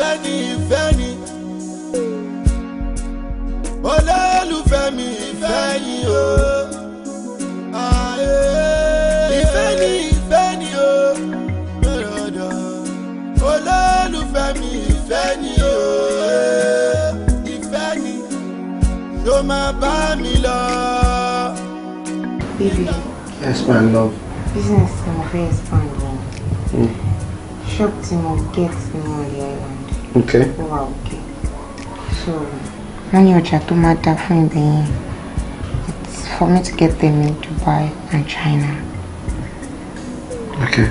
ìfẹ́ ni ìfẹ́ ni olólùfẹ́ mi ìfẹ́ ni o. ìfẹ́ ni ìfẹ́ ni o. olólùfẹ́ mi ìfẹ́ ni o. ìfẹ́ ni ló máa bá mi lọ. Baby. Yes, my love. Business is mo fẹ́ expand wọn. Hmm. Shop tí mo get Okay. Wow, okay. So, when ní ọjà tó máa dá It's for me to get them in Dubai and China. Okay.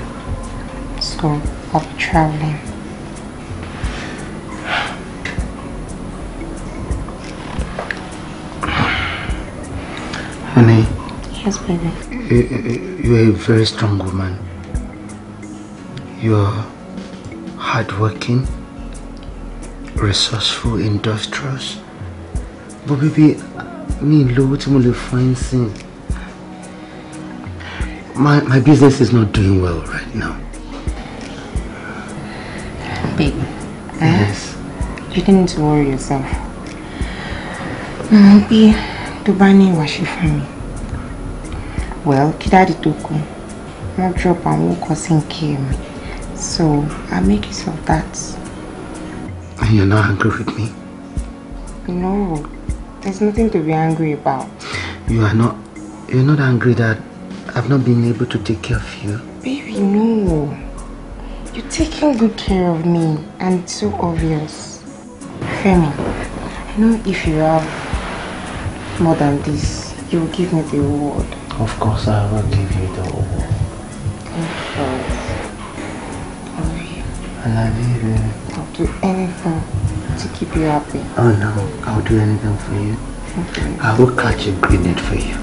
So, I'll be traveling. Honey. Yes, baby. You, you are a very strong woman. You are hardworking resourceful industrious but baby, mi lówó tí mo lè fún ẹ my my business is not doing well right now. Babe, eh? yes. you didn't need to worry yourself. Maybe mm, to tó bá ní ìwà ṣe Well, kí dáàdì tó kú, wọ́n drop àwọn kan sí nkiri mi. So, I make use of that. And you're not angry with me? No, there's nothing to be angry about. You are not, you're not angry that I've not been able to take care of you? Baby, no. You're taking good care of me and it's so obvious. Femi, I know if you have more than this, you will give me the award. Of course I will give you the reward. Of course. I love you, baby. I'll do anything to keep you happy. Oh no, I'll do anything for you. Okay. I will catch a grenade for you.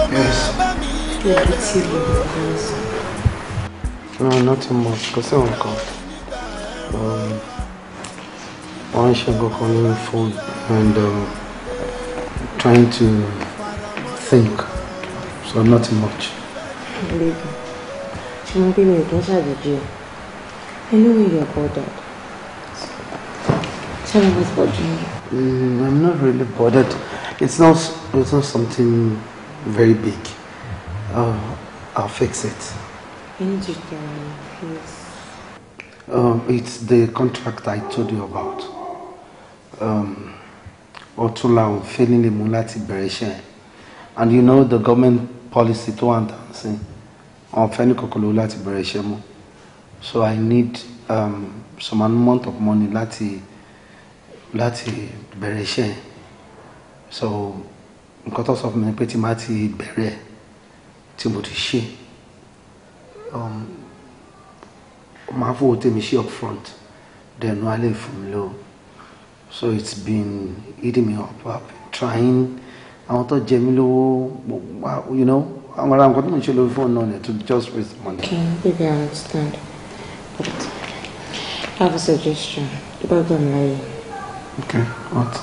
olólùfẹ́ no nothing much Because I'm nǹkan wọ́n ń ṣe nǹkan kan lórí phone and um, trying to think so nothing much. baby ṣe mo bí mi ò dún ṣàjèjì I know where you're bothered tell me what's bothering you. Mm, I'm not really bothered. It's not, it's not something very big. Um, I'll fix it. When did you fix? Um, it's the contract I told you about. Um, Ọ̀túnla Ofeanile mú láti bẹ̀rẹ̀ and you know the government policy tó wà dancing on fẹ́ni kòkòrò láti bẹ̀rẹ̀ iṣẹ́ so I need um, some amount of money lati lati bẹ̀rẹ̀ so nǹkan tó sọ fún mi ni tí mo ti ṣe ó um, máa fowó tèmi ṣe up dẹnu alẹ́ fún mi lọ so it's been eating me up up trying àwọn tó jẹ mí lówó you know àwọn ará nǹkan tó ń ṣe lórí fóònù náà to just waste money. okay baby i understand but i have a suggestion tó bá gbà mí okay what.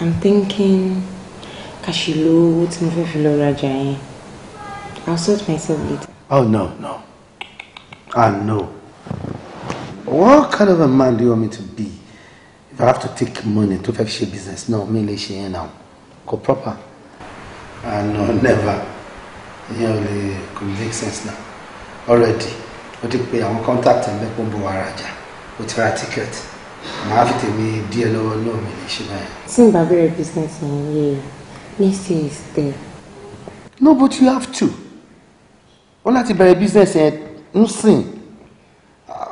i'm thinking kàṣìlò owó tí mo fẹ́ fi lọ rajà yẹn. I'll sort myself later. Oh, no, no. Ah, no. What kind of a man do you want me to be? If I have to take money to fetch your business, no, mainly she ain't now. Go proper. Ah, no, never. You know, the could make sense now. Already. but if pé àwọn contact ẹ̀ make bó wa rajà. Ó ti ra ticket. Màá fi tèmi díẹ̀ lọ́wọ́ náà mi lè ṣe báyìí. Tí n bá business yẹn, yeah, next is there. No, but you have to ó láti bẹ̀rẹ̀ bísínẹ́sì yẹn ń sìn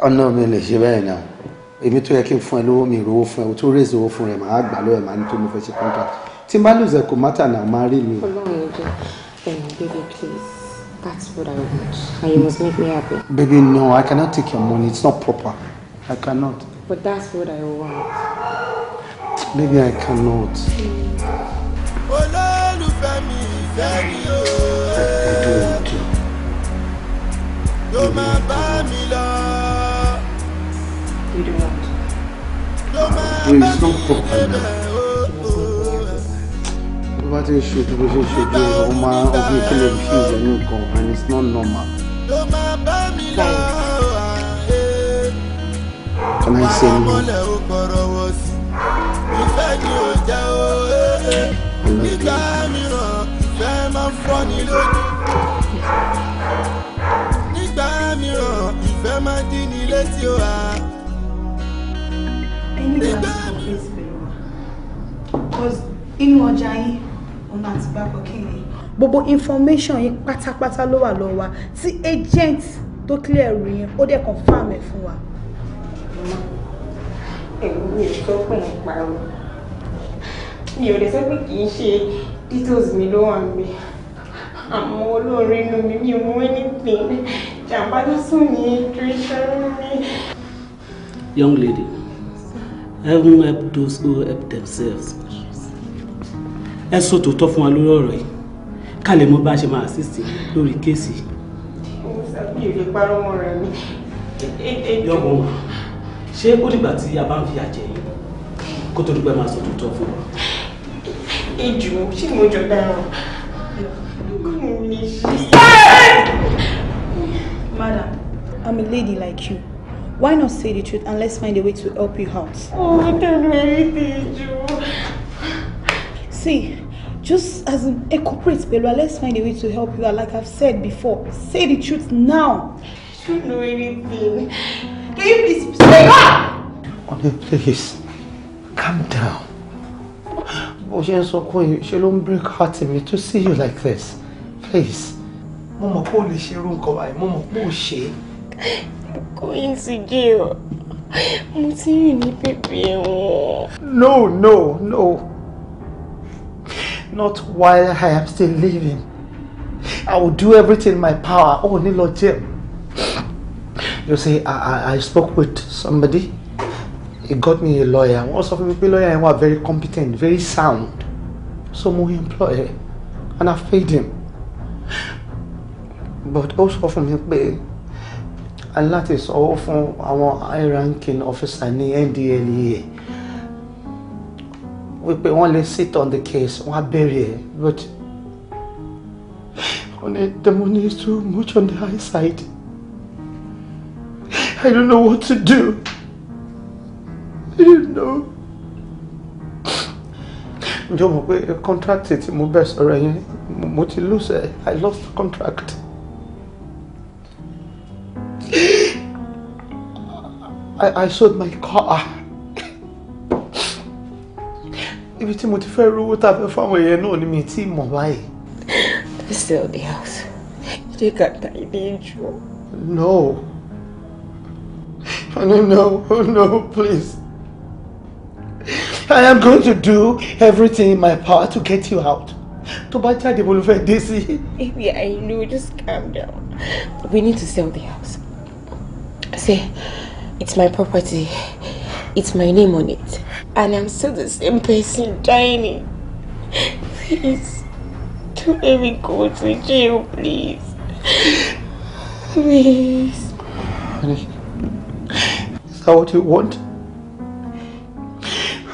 ọ̀nà mi lè ṣe bẹ́ẹ̀ náà èmi tó yẹ kí n fún ẹ lówó mi ìrówó fún ẹ o tó rèézì owó fún rẹ màá gbà lọ́wọ́ ẹ màá ní tó mo fẹ́ ṣe contract tí n bá lùzẹ̀ kò mátà náà máa rí mi. Ọlọ́run ẹ jẹ́ ẹ̀yìn baby please that's what I want and you must make me happy. Baby no I cannot take your money it's not proper I cannot. But that's what I want. Baby I cannot. Olólùfẹ́ mi ìfẹ́ rí o. ló máa bá mi lọ. ló máa bá mi débẹ̀ o. Oh, tó bá ti ń ṣojú bó ṣe ń ṣojú ọ máa ọdún ìpínlẹ̀ fíìs ẹ̀yìn nǹkan and it's not normal. ló máa bá mi Ìfẹ́ ni ò jẹ́ òye. Eh. Nígbà mìíràn, ìfẹ́ máa ń fọ́ ni lójú. máa dín ní létí o wa. Ah. nígbà inú ọjà yín òun àti bákan kìíní. gbogbo information yín pátápátá ló wà lọ́wọ́ wa tí agent tó clear ẹrù yẹn ó dẹ̀ confirm ẹ̀ fún wa. ẹ̀rù mi ò sọ pé ń parọ́ mi ò lè sọ pé kì í ṣe details mi ló wà ń gbé àmọ́ olóore inú mi mi ò mú anything young lady heaven help those who help themselves ẹ sọ tòótọ́ fún wa lórí ọ̀rọ̀ yìí ká lè mọ bá a ṣe máa assist lórí kéèsì. mo sábì rí parọ́ mọ́ rẹ̀ mi. yọ̀bọ̀ wà ṣé ó a bá ń fi àjẹ́ yìí kó tó dúpẹ́ máa sọ tòótọ́ fún wa. ejò ṣé mo jọ dáhùn kí mo lè ṣe. Madam, I'm a lady like you. Why not say the truth and let's find a way to help you out? Oh, I can't do anything, See, just as an a corporate Belua, let's find a way to help you out. Like I've said before, say the truth now. I don't know anything. Can you please say ah! Okay, please, calm down. Bó ṣe ń sọkún yìí, ṣe ló ń break heart mi to see you like this. Please mo mọ̀ pé o lè ṣe irú nǹkan báyìí mo mọ̀ pé o ṣe é. kò yín sí jẹ́ ọ mo ti rìn ní bèbè ẹ̀wọ̀n. no no no not while I am still living I will do everything in my power Oh, ní lọ you see I, I, I spoke with somebody he got me a lawyer wọ́n sọ fún mi pé lawyer yẹn wà very competent very sound so mo employ him and I paid him but ó sọ fún mi pé aláti sọwọ́ fún àwọn high ranking officer ní NDLEA wípé wọ́n lè sit on the case wọ́n á bẹ̀rẹ̀ ẹ̀ but on the money is too much on the high side I don't know what to do I don't know. ǹjọ́ mọ̀ pé contract tí mo bẹ̀ sọ̀rọ̀ yẹn mo ti lose ẹ̀ I lost the contract. I, I sold my car. Ibi tí mo ti fẹ́ rówó tá a fẹ́ fáwọn èèyàn náà ni mi ti mọ̀ báyìí. I sell the house. Ṣé got that ìjọ? No. No, no, no, please. I am going to do everything in my power to get you out. Tó bá jáde mo ló fẹ́ dé sí. Baby, I know, just calm down. We need to sell the house. See. It's my property. It's my name on it. And I'm still the same person Tiny. Please. Don't let me go to jail, please. Please. Honey, is that what you want?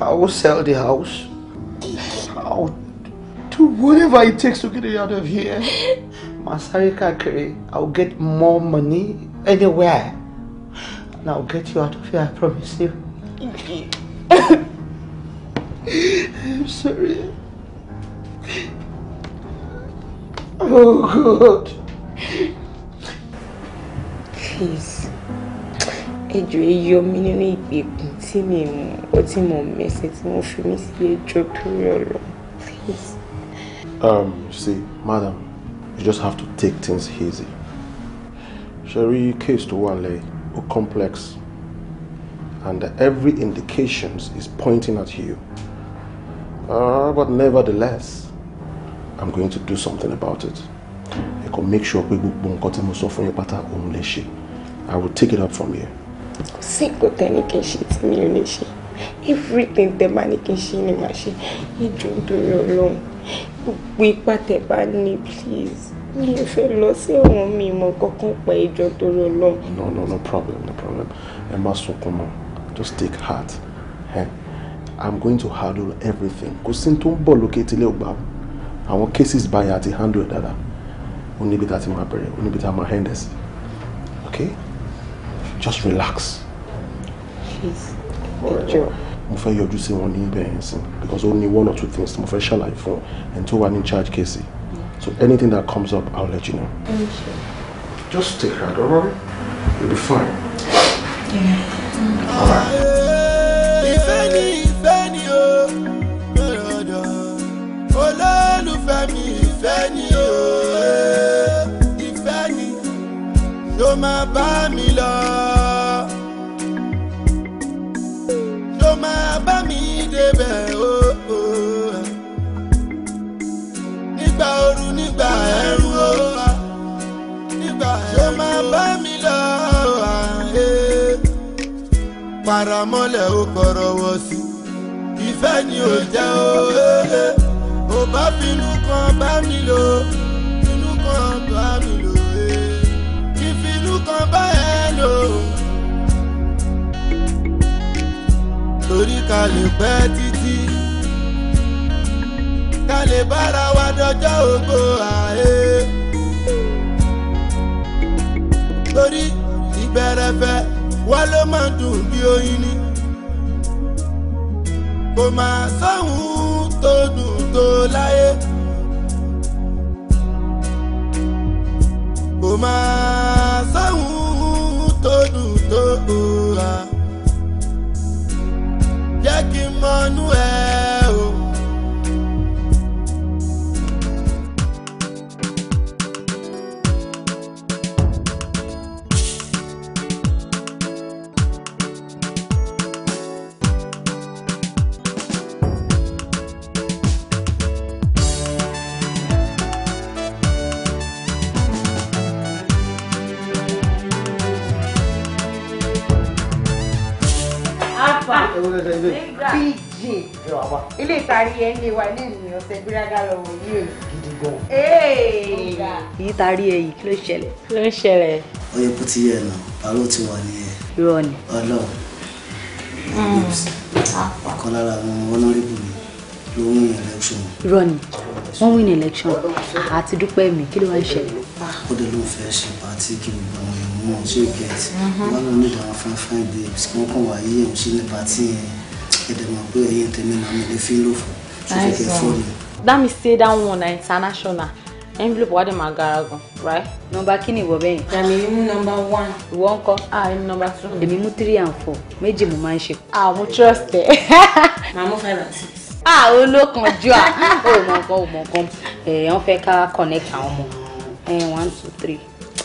I will sell the house. I'll do whatever it takes to get it out of here. Masari Kakiri, I'll get more money anywhere. Now get you out of here, I promise you. I'm sorry. Oh God. Please. Ẹjọ́ eyọ mi nínú ìgbèkùn tí mi mú ó tí mo mẹsẹ̀ tí mo fi mí sí Please. Um, see, madam, you just have to take things easy. Sherry, case to one lẹ́yìn? or complex and every indications is pointing at you. Uh, but nevertheless, I'm going to do something about it. I can make sure pé gbogbo nǹkan tí mo sọ fún yín pátá I will take it up from here. Kò sí nǹkan tẹ́ni kì Everything the bá ní kì í do ni màá We Ìjọ ń dorí please mi ò fẹ́ lọ sí ẹ̀wọ̀n mi ìmọ̀ kankan pa ìjọ tó lọ lọ. no no no problem no problem ẹ má sunkún mọ́ just take heart hey, i'm going to handle everything kò sí tó ń bọ̀ lókè tílé ògbà àwọn cases báyìí àti handle ẹ̀ dáadáa ó níbi tá a ti máa bẹ̀rẹ̀ ó níbi tá a máa end sí okay just relax. jeez ẹjọ mo fẹ́ yọjú sí wọn ní ibẹ̀ yẹn sí because ó ní one or two things mo fẹ́ ṣàlàyé fún ẹni tó wà ní charge case yìí. So anything that comes up, I'll let you know. Thank you. Just take her, don't worry. You'll be fine. Yeah. Mm. All right. If any, para mọ́lẹ̀ ó pọ̀rọ̀wọ̀ sí ìfẹ́ ni ò jẹ́ òye eh, ò eh. bá finú kan bá mi lò finú kan bá mi lò eh. kí finú kan bá ẹ lò. torí ká lè pẹ́ títí ká lè bára wa dọjọ́ ògo àyè. torí ìbẹ̀rẹ̀ wá ló máa dùn bí oyin ni kò máa sóhun tó dùn tó láyé kò máa sóhun tó dùn tó òòrà jẹ́ kí n mọnú ẹ̀. bíjì ilé ìtàrí ẹ kí ló ṣẹlẹ̀. kí ló ṣẹlẹ̀. ó yẹ ti yẹ nà báwo ti wà nìyẹn. irọ́ ni. Ọlọ́run hmm. ọ̀kan lára àwọn honorable mi ló win election. irọ́ ni wọ́n win election àti dúpẹ́ mi kí ló wá ń ṣẹlẹ̀. ó dẹ̀ ló ń fẹ́ ṣe pàtí kí gbogbo àwọn mọ̀ ṣé o get mm-hmm. wọn náà ní ìdáwọn fine fine babes kí wọ́n kàn wá yí ẹ̀hún sí nípa tí ẹ̀dẹ̀ mọ̀ pé ẹ̀yìn tẹ̀mí náà mi lè fi lò fún ṣùgbọ́n kẹ́ fọ́ọ̀lù. that mistake that one na international envelope wa de ma gara gan right. nọmba kí ni ìwọ bẹ́yìn. èmi mú nọmba one. ìwọ ń kọ́ ah èmi nọmba two. èmi mú three and four méjì mo máa ń ṣe. ah mo trust ẹ. màá mú five and six. ah olókan jù à ó mọ̀ nǹkan ó mọ̀ nǹkan ẹ̀ fẹ́ ká connect àwọn ọmọ ẹ̀ one two three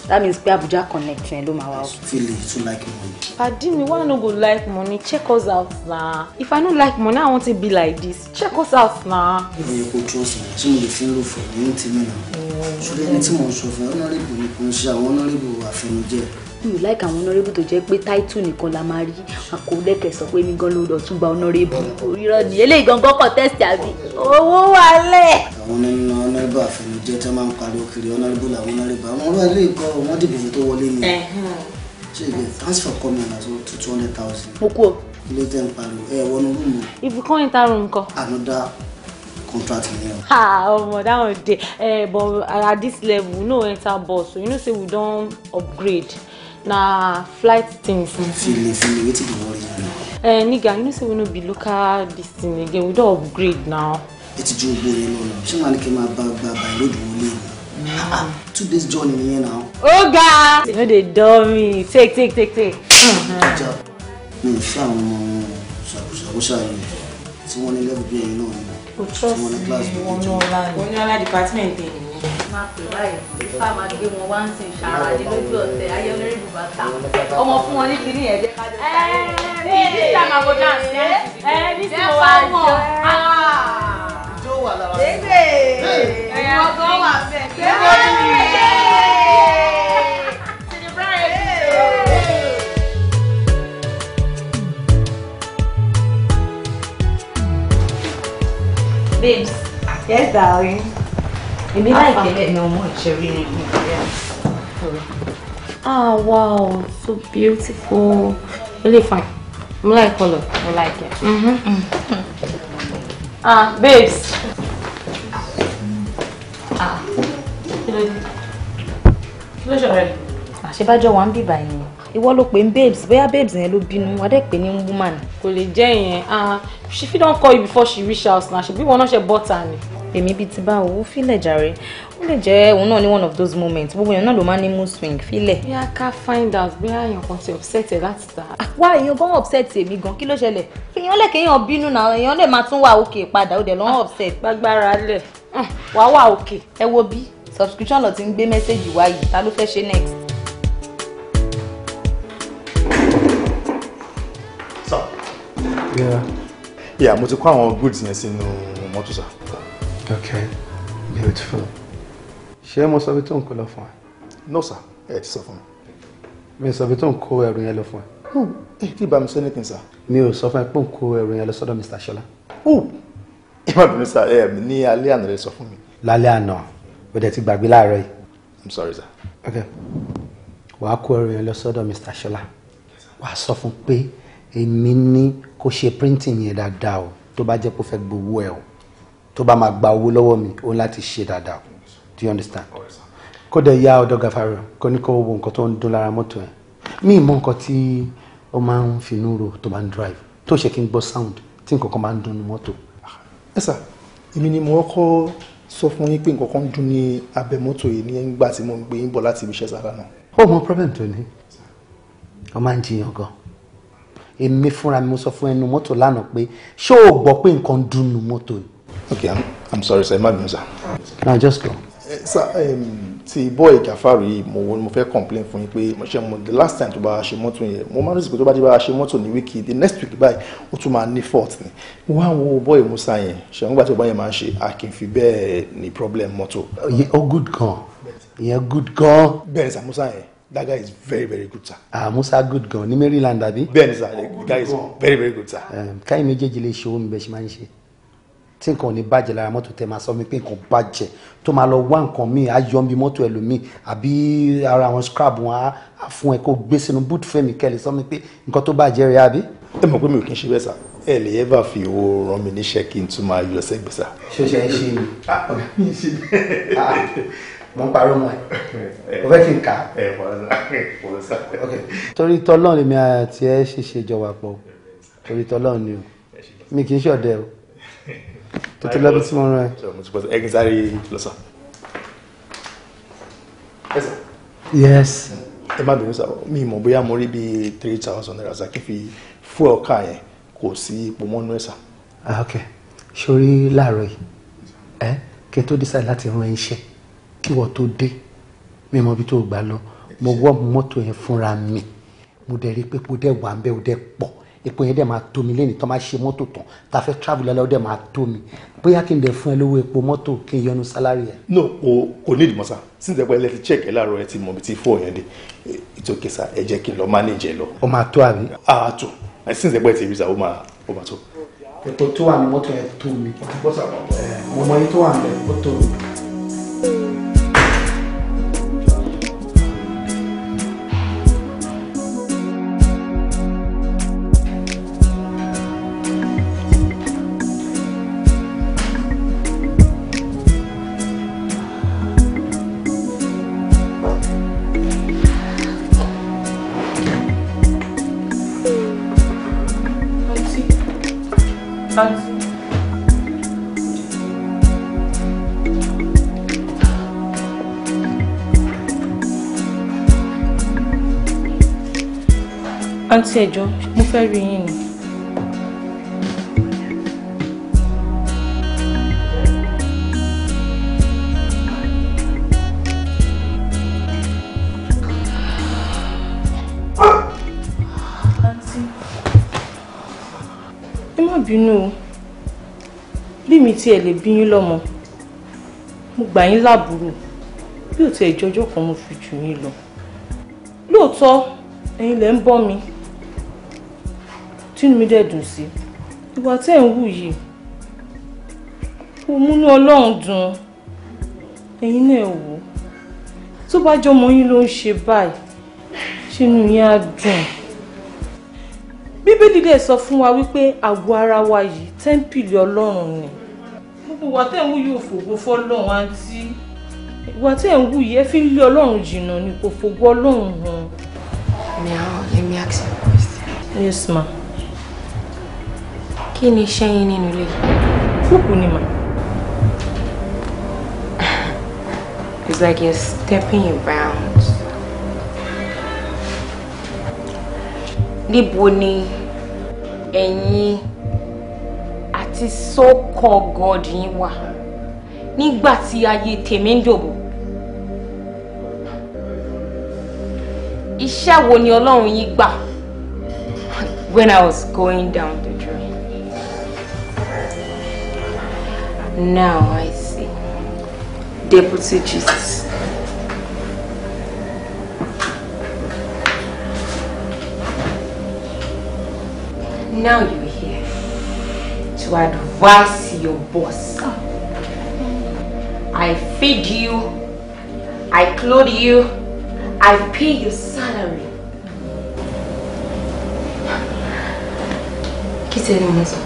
that means pé Abuja connect yẹn ló máa wá o. still e like money. padi mi why i no go like money check us out na if i no like money i wan take be like this check us out na. ìwé epo trust mi tí mo lè fi ń lò fún mi ní tèmi náà mm. ṣùgbọ́n ẹni tí mo sọ fún ẹ ọ̀nàrẹ́bù mi kò ń ṣe àwọn ọ̀nàrẹ́bù àfẹnujẹ mi ò láìka àwọn ọ̀nọ́rẹ́bù tó jẹ́ pé táìtù nìkan la máa rí àkó lẹ́kẹ̀ sọ pé mi gan ló lọ tún gba ọ̀nọ́rẹ́bù orírọ̀ ni eléyìí gangan kọ̀ tẹ́sítì àbí owó wà lẹ̀. àwọn nínú ọ̀nọ́rẹ́bù àfẹnujẹ tí wọ́n máa ń pariwo kiri ọ̀nọ́rẹ́bù làwọn ọ̀nọ́rẹ́bù àwọn ọ̀rọ̀ ilé ìkọ́ wọn dìbò tó wọlé ni ṣe ìgbẹ́ transfer kọ́ mi àlàtò tó two hundred thousand. mo kú o. ilé tẹ́ ń pariwo ẹ wọnú rúùmù. ibùkún ìtarùn nǹkan. ànúdá contract ni o. ah omo that one dey eh but at this level we no enter bus so you know say we don upgrade na flight things. file file wetin dey you. Uh, nigga you know say we no be local dis thing again we don't upgrade now. etí ju ogbó rẹ lọ ṣé màá ní kí by, by bá bá bá ìlú ìdùnnú ah, ah, two days journey nìyẹn na. oga oh, you no dey dummy. me take take take take. ọjà mi ò fẹ́ àwọn ọmọ ṣàkóṣàkóṣà yìí tí wọ́n ní It's ẹ̀yìn náà ni. o oh, trust me wọn ní ọlá ni wọn ní ọlá department ẹ̀yìn máa pè báyìí ìfá máa gbé wọn wá ń sin ṣàrà ní lójú ọ̀sẹ̀ ayélujára ìbùbá ta ọmọ fún wọn ní kínní yẹn jẹ́ kájọ. ẹ ẹ ní ìdíjà máa bọ̀ náà ṣe ẹ ní tí mo wá jọ. ìjọ eh, eh, eh, ah. wà lára. bébè ẹ̀yàn ọgọ́ wà bẹ́ẹ̀. bébè celebrate. Babes. Yes, darling èmi láìpẹ́ bẹ́ẹ̀ ni ọmọ ìṣẹ́rí ni mi ah wow so beautiful really fine mo like color I like it. Mm-hmm. Mm-hmm. ah babes. ah kí ló dé kí ló ṣọ̀rọ̀ ẹ̀. Ah, àṣebájọ́ wa ń bìbà yẹn ìwọ ló pè ń babes bóyá babes yẹn ló bínú wà á dẹ̀ pè ní woman. kò lè jẹ́ yẹn ah she fit don call you before she reach house na ṣebí wọn náà ṣe bọ́ta ni èmi bíi ti báwo ó filẹ̀ jàre ó lè jẹ́ òun náà ní one of those moments gbogbo èèyàn náà ló máa ń ní mood swing filẹ̀. bí a ká find out bí àyàn kan ti upset ẹ láti ta. àwa ah, èèyàn gan upset èmi gan kí ló ṣẹlẹ̀ èèyàn lè kéèyàn bínú náà èèyàn lè máa tún wà òkè padà ó dẹ̀ lọ́n ah, upset. gbàgbára lẹ̀ hmm, wàá wà òkè. ẹ wo bí subscription lọ ti ń gbé mẹ́sẹ̀gì wá yìí ta ló fẹ́ ṣe next. sir yeah yeah mo ti kó àwọn goods yẹn sínú mọ́tò sir. Okay, beautiful. Ṣé mo sọ bí tó ń kó lọ fún ẹ? No sir, ẹ ti sọ fún mi. Mi ò sọ bí tó ń kó ẹrù yẹn lọ fún ẹ. No, ẹ ti bá mi sọ anything sir. Mi ò sọ fún ẹ pé ń kó ẹrù yẹn lọ sọ́dọ̀ Mr. Ṣọlá. Oh, ẹ má bínú sir, ẹ ní alẹ́ àná rẹ sọ fún mi. Lálẹ́ àná, o dẹ̀ ti gbàgbé láàárọ̀ yìí. I'm sorry sir. Okay, wàá kó ẹrù yẹn lọ sọ́dọ̀ Mr. Ṣọlá. Wàá sọ fún pé èmi ní kó ṣe printing yẹn dáadáa o tó bá jẹ́ kó fẹ́ gbowó ẹ o tó bá máa gba owó lọ́wọ́ mi ó láti ṣe dáadáa do you understand kó dẹ̀ ya ọ̀dọ̀ gàfàrà kó ní kó wo nǹkan tó ń dún lára mọ́tò ẹ̀ mí mọ nǹkan tí ó máa ń finú ro tó máa ń drive tó ṣe kí n gbọ́ sound tí nǹkan kan máa ń dún ní mọ́tò. ẹ sà èmi ni mo kọ́ sọ fún yín pé nǹkan kan ń dún ní abẹ mọ́tò yìí ní ìgbà tí mo ń gbé yín bọ̀ láti ibi iṣẹ́ sára náà. ó mọ problem tó ní wọn máa ń jiyàn gan èmi fúnra mi mo sọ fún ẹnu mọ́tò lánàá pé ṣé o gbọ́ pé nǹkan dún ní mọ́tò ni okay i'm, I'm sorry sir Madam, sir. now just go. Eh, sir ti boy Kafari, yìí mo mo fẹ́ complain fún yín the last time tó bá ṣe mọ́tò yẹn mo máa ń rìsìkò tó bá ti bá ṣe the next week buy, ó tún máa ní fault ni mo wá boy Musa yẹn ṣẹ̀wọ́n gbà tó bá yẹn máa ń ṣe a kì í fi bẹ́ẹ̀ ní problem mọ́tò. ó oh, good gan ìyẹn good gan. Ben, sir, Musa yẹn that guy is very very good sir. ah musa good gan ni maryland abi. Ben, sir the oh, guy is very very good sir. káyọ̀ méjèèjì lè ṣe owó mi bẹ́ẹ̀ ṣe máa ń ṣe tí nǹkan ò ní bàjẹ́ lára mọ́tò tẹ́ máa sọ mi pé nǹkan bàjẹ́ tó máa lọ wá nǹkan míì á yọ mi mọ́tò ẹlòmíì àbí ara àwọn scrap wọn á fún ẹ kó gbé sínú boot fẹ́mi kẹ́lẹ̀ sọ mi pé nǹkan tó bàjẹ́ rẹ àbí. ẹ mọ̀ pé mi ò kí ń ṣe bẹ́ẹ̀ sà ẹ lè ẹ́ bá fi owó rán mi níṣẹ́ kí n tún máa yọ sẹ́gbẹ̀ẹ́ sà. ṣoṣe ẹ ṣe ni ah, ọ̀gá mi ṣe bẹ́ẹ̀ ah, mo ń parọ́ mọ́ ẹ o fẹ́ kí n kà á. torí tọ́lọ́run mi àti ẹ ṣe ṣèjọba pọ̀ torí tọ́lọ́run ni o mi kì í ṣọ̀dẹ̀ o tètè lọ bí tí mo rán ẹ. mo ti pọ̀ yes. ẹ má bínú sá mi mọ̀ bóyá mo rí bíi three thousand naira sá kí n fi fún ọkà yẹn kò sí ipò mọ́nú ẹ̀ sá. Ah, ok sori láàárọ̀ yìí ẹ kí n tó dísà láti rán ẹ iṣẹ́ kí wọ́n mi mọ̀ bí tó gbà lọ mo wọ́ moto yẹn fúnra mi mo dẹ̀ rí i pé kó dẹ̀ wà ń bẹ́ ó epo yẹn dẹ̀ máa tó mi lẹ́nu tó máa ṣe mọ́tò tán tá a fẹ́ travel lọ́la ó dẹ̀ máa tó mi bóyá kí n dẹ̀ fún ẹ lówó epo mọ́tò kí n yọnu sálárì ẹ. no o kò ní ìdìmọ̀ sá síndẹ̀ pẹ́ lẹ́tí check ẹ láàárọ̀ ẹ ti mọ̀ bí ti fún ọ̀yàn dé ìtòkè sá ẹ jẹ́ kí n lọ manage ẹ lọ. ó máa tó àbí. a tó síndẹ̀ pẹ́ ti rí sá ó máa ó máa tó. ètò tó wà ní mọ́tò yẹn tó mi. mo mọ iye tó wà ní ẹ ó tó mi. Hmm. àǹtí ẹ̀jọ́ mo fẹ́ rí yín ni. bínú o bí mi tiẹ̀ lè bí yín lọ́mọ mo gbà yín láàbúrò bí ò tiẹ̀ jọjọ́ kan mo fi jù yín lọ lóòótọ́ ẹ̀yin lẹ ń bọ́ mi tínú mi dẹ̀ dùn sí ìwà tẹ́ ń wù yìí kò ọlọ́run dùn ẹ̀yin náà wò tó bá jọmọ yín ló ń ṣe báyìí ṣínú yín á dùn bíbélì dẹ̀ sọ fún wa wípé àgọ́ ara wa yìí tẹ́ḿpìlì ọlọ́run ni gbogbo ìwà tẹ́ ń wù yìí òfògo fọ́lọ́run àǹtí ìwà tẹ́ ń wù yìí ẹ fi ń lé ọlọ́run jìnnà ni kò ọlọ́run hàn. Now, let me ask you a question. Yes, ma'am kí ni iṣẹ́ yín nínú ilé yìí. kúùkù ni mà. it's like you're stepping around. níbo ni ẹ̀yin àti sókọ̀ gọ́ọ̀dì yín wà nígbà tí ayé tèmi ń dòbò. iṣẹ́ wo ni ọlọ́run yín gbà when I was going down there. Now I see. Deputy Jesus. Now you're here to advise your boss. I feed you, I clothe you, I pay your salary. Kí tẹ́lẹ̀ mọ́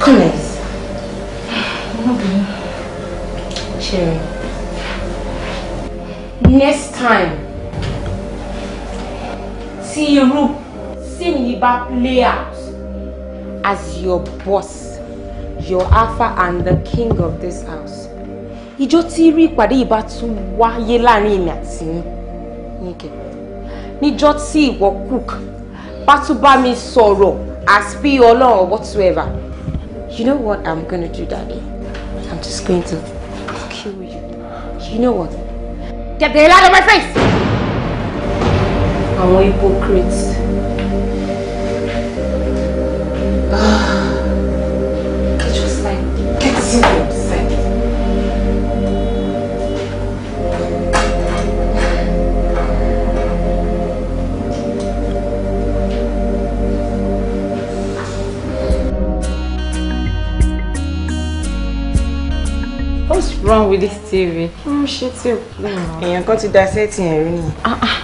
Come here. Sherry, next time tí irú scene yìí bá play out as your boss, your alpha and the king of this house, ìjọ tí irú ìpàdé yìí bá tún wáyé láàrin èmi àti yín níjọ tí ìwọ cook bá tún bá mi sọ̀rọ̀ as bí ọlọ́run whatsoever. You know what I'm gonna do, Daddy? just going to kill you. You know what? Get the hell out of my face! I'm Àwọn hypocrites. tí ì rí. ń ṣe tí ò pé mọ. èèyàn kan ti da sẹ́ẹ̀tì ẹ̀ rí nìyẹn. Ah, ah.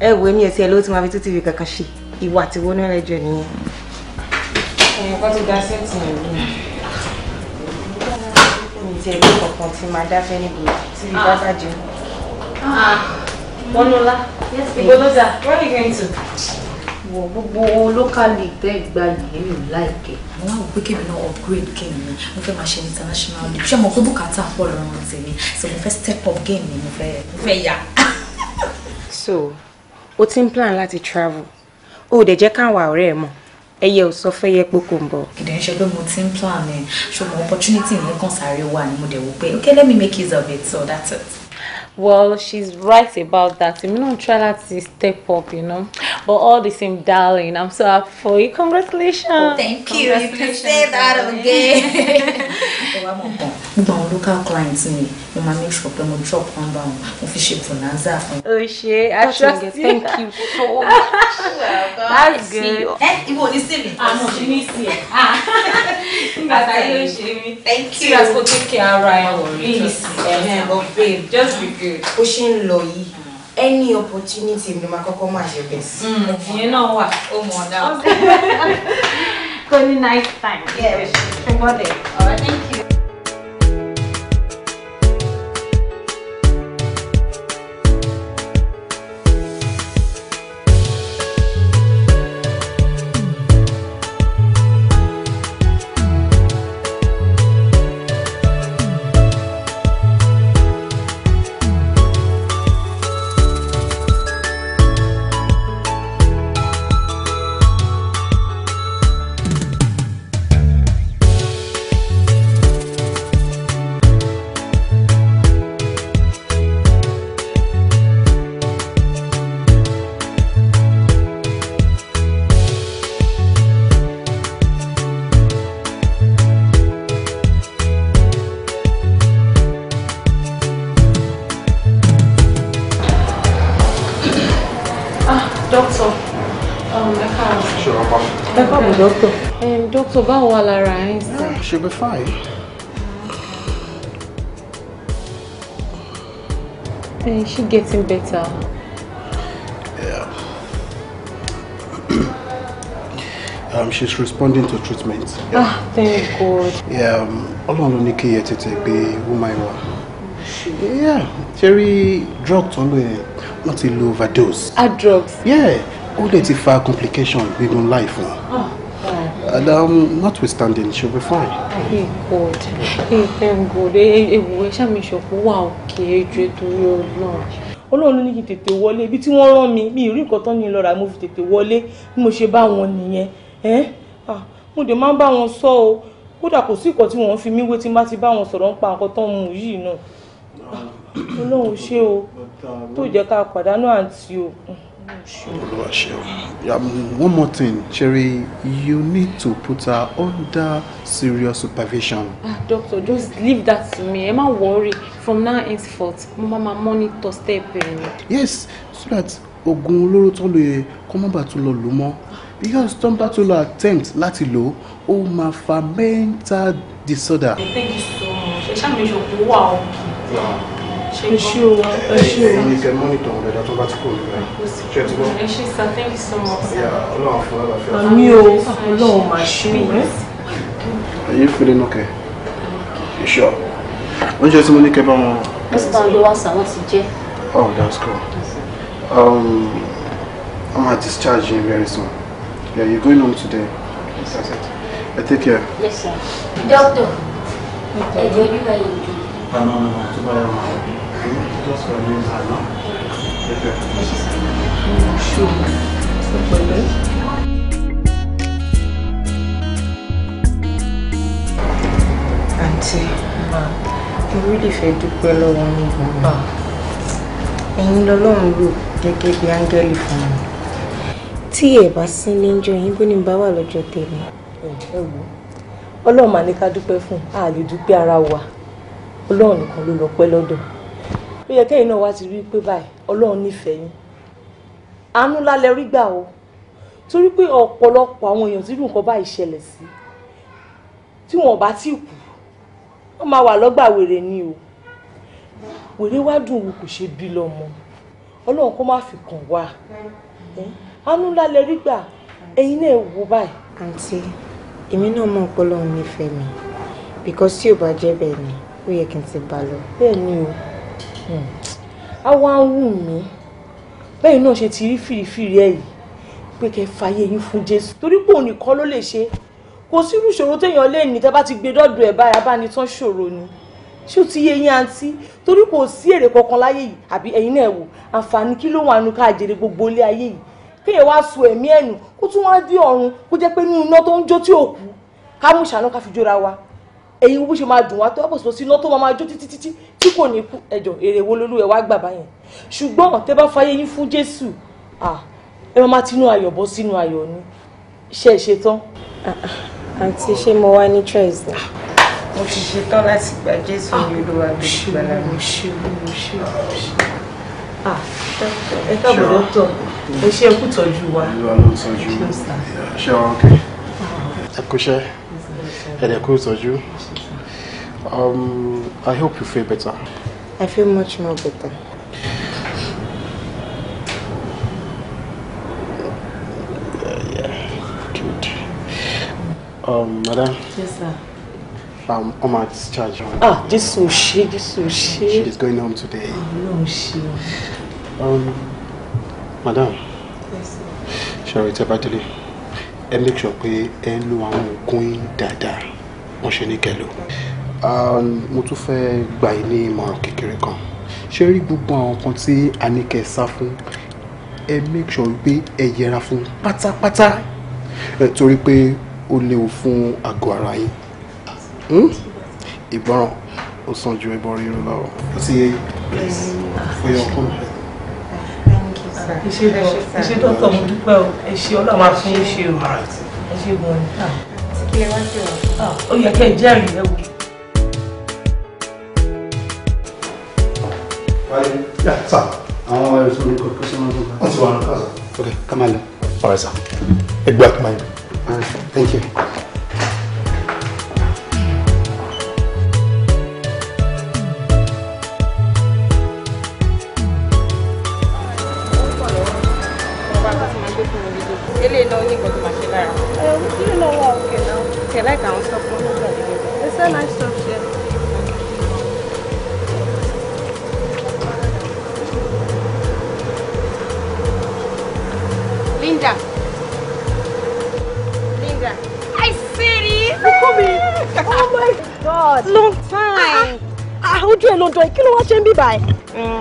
ẹ wo èmi ẹ̀sìn ẹ̀ ló ti máa fi tó tv kankan ṣe ìwà àti owó náà lẹ́jọ́ nìyẹn. èèyàn kan ti da sẹ́ẹ̀tì ẹ̀ rí nìyẹn. mi ti ẹ̀ ló kọ̀ọ̀kan ti máa dá fẹ́ níbi tí ibi bá bàjẹ́. Bonola, ah. yes, Bonola, where are you going to? wọ gbogbo lókàlì tẹ́ ìgbà yìí ò láìkẹ́. àwọn àwọn pé kèmí náà upgrade game mi mo fẹ́ máa ṣe international league ṣé mo kó bùkátà pọ̀ lọ́rọ̀ wọn tèmi so mo fẹ́ step up game mi mo fẹ́ fẹ́ yà. so o ti ń plan láti travel o ò dẹ̀ jẹ́ káwọn ọ̀rẹ́ ẹ mọ̀ ẹyẹ ò sọ fẹ́ yẹ pé ń bọ̀. ìdẹ̀ ń ṣe pé mo ti ń plan ẹ̀ ṣùgbọ́n opportunity yẹn kàn sáré wà ní mo dẹ̀ wò pé okay let me make use of it so that's it well she's right about that èmi náà try not to step up you know but all the same darling i'm so happy for you congratulations. Oh, thank congratulations. you you can say that again. Don't look kan clients me. mo máa make sure pé mo drop number wọn mo for ṣe bonanza fún. o ṣe i trust you thank you so much. that's good. ẹ ìwọ ò ní sí mi. Ah, ah. àmọ̀ ṣe ní thank you. sí àsìkò kékeré ara ẹ̀ wọ̀ rí. bí mi just be good bó ṣe ń lọ yìí any opportunity ni máa kọ́kọ́ máa ṣe bẹ̀ sí. Hmm, ìyẹn náà wà ó mọ̀ ọ́dà. kò ní nice time. ṣùgbọ́n dẹ̀ ọ̀rẹ́ thank you. dókítà. dókítà báwo wà lára yín sí. she'll be fine. Is she getting better? Yeah. um, she's responding to treatment. Yeah. Ah, thank God. Yeah, all um, ló ní kí ẹ be gbé woman wa. Yeah, Jerry drug tó ń lò yẹn, overdose. Ah, drugs? Yeah, ó lè ti fa complication gbígun life. fún ah. And um, notwithstanding, she'll be fine. Hey God, thank God. Ewu she ṣá mi ṣọ̀pọ̀ wà òkè ẹjọ́ ètò Ọlọ́run. Ọlọ́run ní kí n tètè wọlé ibi tí wọ́n rán mi mi ì rí nǹkan tán ní lọ́ra mo fi tètè wọlé bí mo ṣe bá wọn nìyẹn. Mo dẹ̀ máa ń bá wọn o. Kódà kò sí ìkọ̀ tí wọ́n fi mí wé tí n ti bá wọn sọ̀rọ̀ ń pa nǹkan mu yìí náà. Ọlọ́run ṣé o tó jẹ́ ká pàdánù àǹtí o. Um, one more thing, Cherry, you need to put her under serious supervision. Ah, doctor, just leave that to me. Ẹ má worry. From now henceforth, Mama money to step in. Yes, so that oògùn olóró tó lò yẹ kó má bàa tún Because tó ń bá tún lọ attempt láti lò ó disorder. Thank you so much. Ẹ ṣáà mi ṣòkò wà òkè ẹ ṣé o ẹ ṣé o. ẹyin kẹ mọ́nítọ̀ ọ̀rọ̀ ẹ̀dá tó bá ti kò thank you so much. ọlọ́run fún ọlọ́fẹ́. àmì o ọlọ́run mà ṣe é. are you feeling okay? you sure? When tí mo ní kẹ bá wọn. mr ndowasa wọn ti oh that's cool. Um, I'm gonna discharge you very soon. Yeah, you're going home today. Yes, that's it. I take care. Yes, sir. Doctor. Doctor. Doctor. Doctor. Doctor. Doctor. Doctor. Doctor. Doctor just for you àná. ṣùgbọ́n ọ̀pọ̀lọ́. àǹtí mo really fẹ́ dúpẹ́ lọ́wọ́ ní gbogbo ẹ̀yin lọ́lọ́run rò gẹ́gẹ́ bí áńgẹ́lì fún mi tí ẹ bá sí ní jọ yín bó ni bá wà lọ́jọ́ tèmi. ẹ wò ọlọ́run mà ní ká dúpẹ́ fún a lè dúpẹ́ ara wa ọlọ́run nìkan ló lọ pẹ́ lọ́dọ̀ ó yẹ kẹ́yìn náà wá ti rí i pé báyìí ọlọ́run nífẹ̀ẹ́ yín àánú lálẹ́ rí gbà o torí pé ọ̀pọ̀lọpọ̀ àwọn èèyàn tí irú nǹkan báyìí ṣẹlẹ̀ sí tí wọn bá tí kú wọn máa wà lọ́gbà wèrè ni o wèrè wá dùn wò kò ṣe bí lọ́mọ ọlọ́run kó má fi kàn wá àánú lálẹ́ rí gbà ẹ̀yin náà wò báyìí. àǹtí èmi náà mọ ọpọlọ òun nífẹ̀ẹ́ mi bíkọ́ tí ò bá jẹ́ bẹ́ẹ̀ ni ó yẹ kí n ti bá lọ. bẹ́ẹ̀ ni o àwa hmm. ń wù mí bẹ́ẹ̀ náà ṣe ti rí fìrífìrí ẹ̀ yìí pé kẹ́ fàyè yín fún Jésù torí pé òun nìkan ló lè ṣe kò sírú ìṣòro téèyàn lè ní tẹ́ bá ti gbé dọ́dọ̀ ẹ̀ báyà bá tán ṣòro ni ṣé o ti yé yín àǹtí torí kò sí èrè kankan láyé yìí àbí ẹ̀yin náà wò àǹfààní kí ló wà nù ká jèrè gbogbo ilé ayé yìí kéèyàn wá sọ ẹ̀mí ẹ̀nù kó tún wá dé ọ̀run kó jẹ́ pé nínú iná tó ń jó tí ò ká mú ìṣàánú ká fi jóra wa ẹ̀yin bó ṣe máa dùn wá tó àbòsí sí iná tó máa jó títí títí tí kò ní kú ẹ̀jọ̀ èrè wo lolú ẹ̀ wá gbà báyẹn ṣùgbọ́n tẹ́ bá fayé yín fún Jésù ẹ máa tinú ayọ̀ bọ́ sínú ayọ̀ ni ṣe é ṣe tán. Ah, ah, àǹtí ṣé mo wá ní choice ni. mo ti ṣe tán láti gba Jésù ní ah, Olúwa bí ìgbàlá mi. ẹ káàbọ̀ dọ́tọ̀ ẹ ṣe ẹkú tọ́jú wa. ìlú àlọ́ tọ́jú ṣé wọn kẹ́ ẹ kúṣẹ́ ẹ dẹ̀ kú tọ́jú. Um, I hope you feel better. I feel much more better. Yeah, yeah. Good. Um, madam. Yes, sir. Um, Oma is charged. Ah, this will this will she. is going home today. Oh, no, she. Um, madam. Yes, sir. Shall we tell Badly? And make sure pé ẹ ń lo àwọn òògùn Okay. Um, mo tún fẹ́ gbà yín ní ìmọ̀ràn kékeré kan ṣé rí gbogbo àwọn kan tí a sá fún ẹ make sure pé ẹ yẹra fún pátápátá ẹ torí pé ó léwu fún àgọ́ ara yín hmm? ìgbọràn ó sàn ju ẹbọ rírun lọ ó sì yẹ fọyọ fún mi ìṣe dọ́tọ̀ mo dúpẹ́ o ẹ ṣe ọlọ́run máa fún yín ṣe o ẹ ṣe gan-an. Ah, ó yẹ kẹ́ ẹ jẹ́rìí ẹ wò. Yeah, sir. tó Okay, come on. All right, sir. All right, thank you.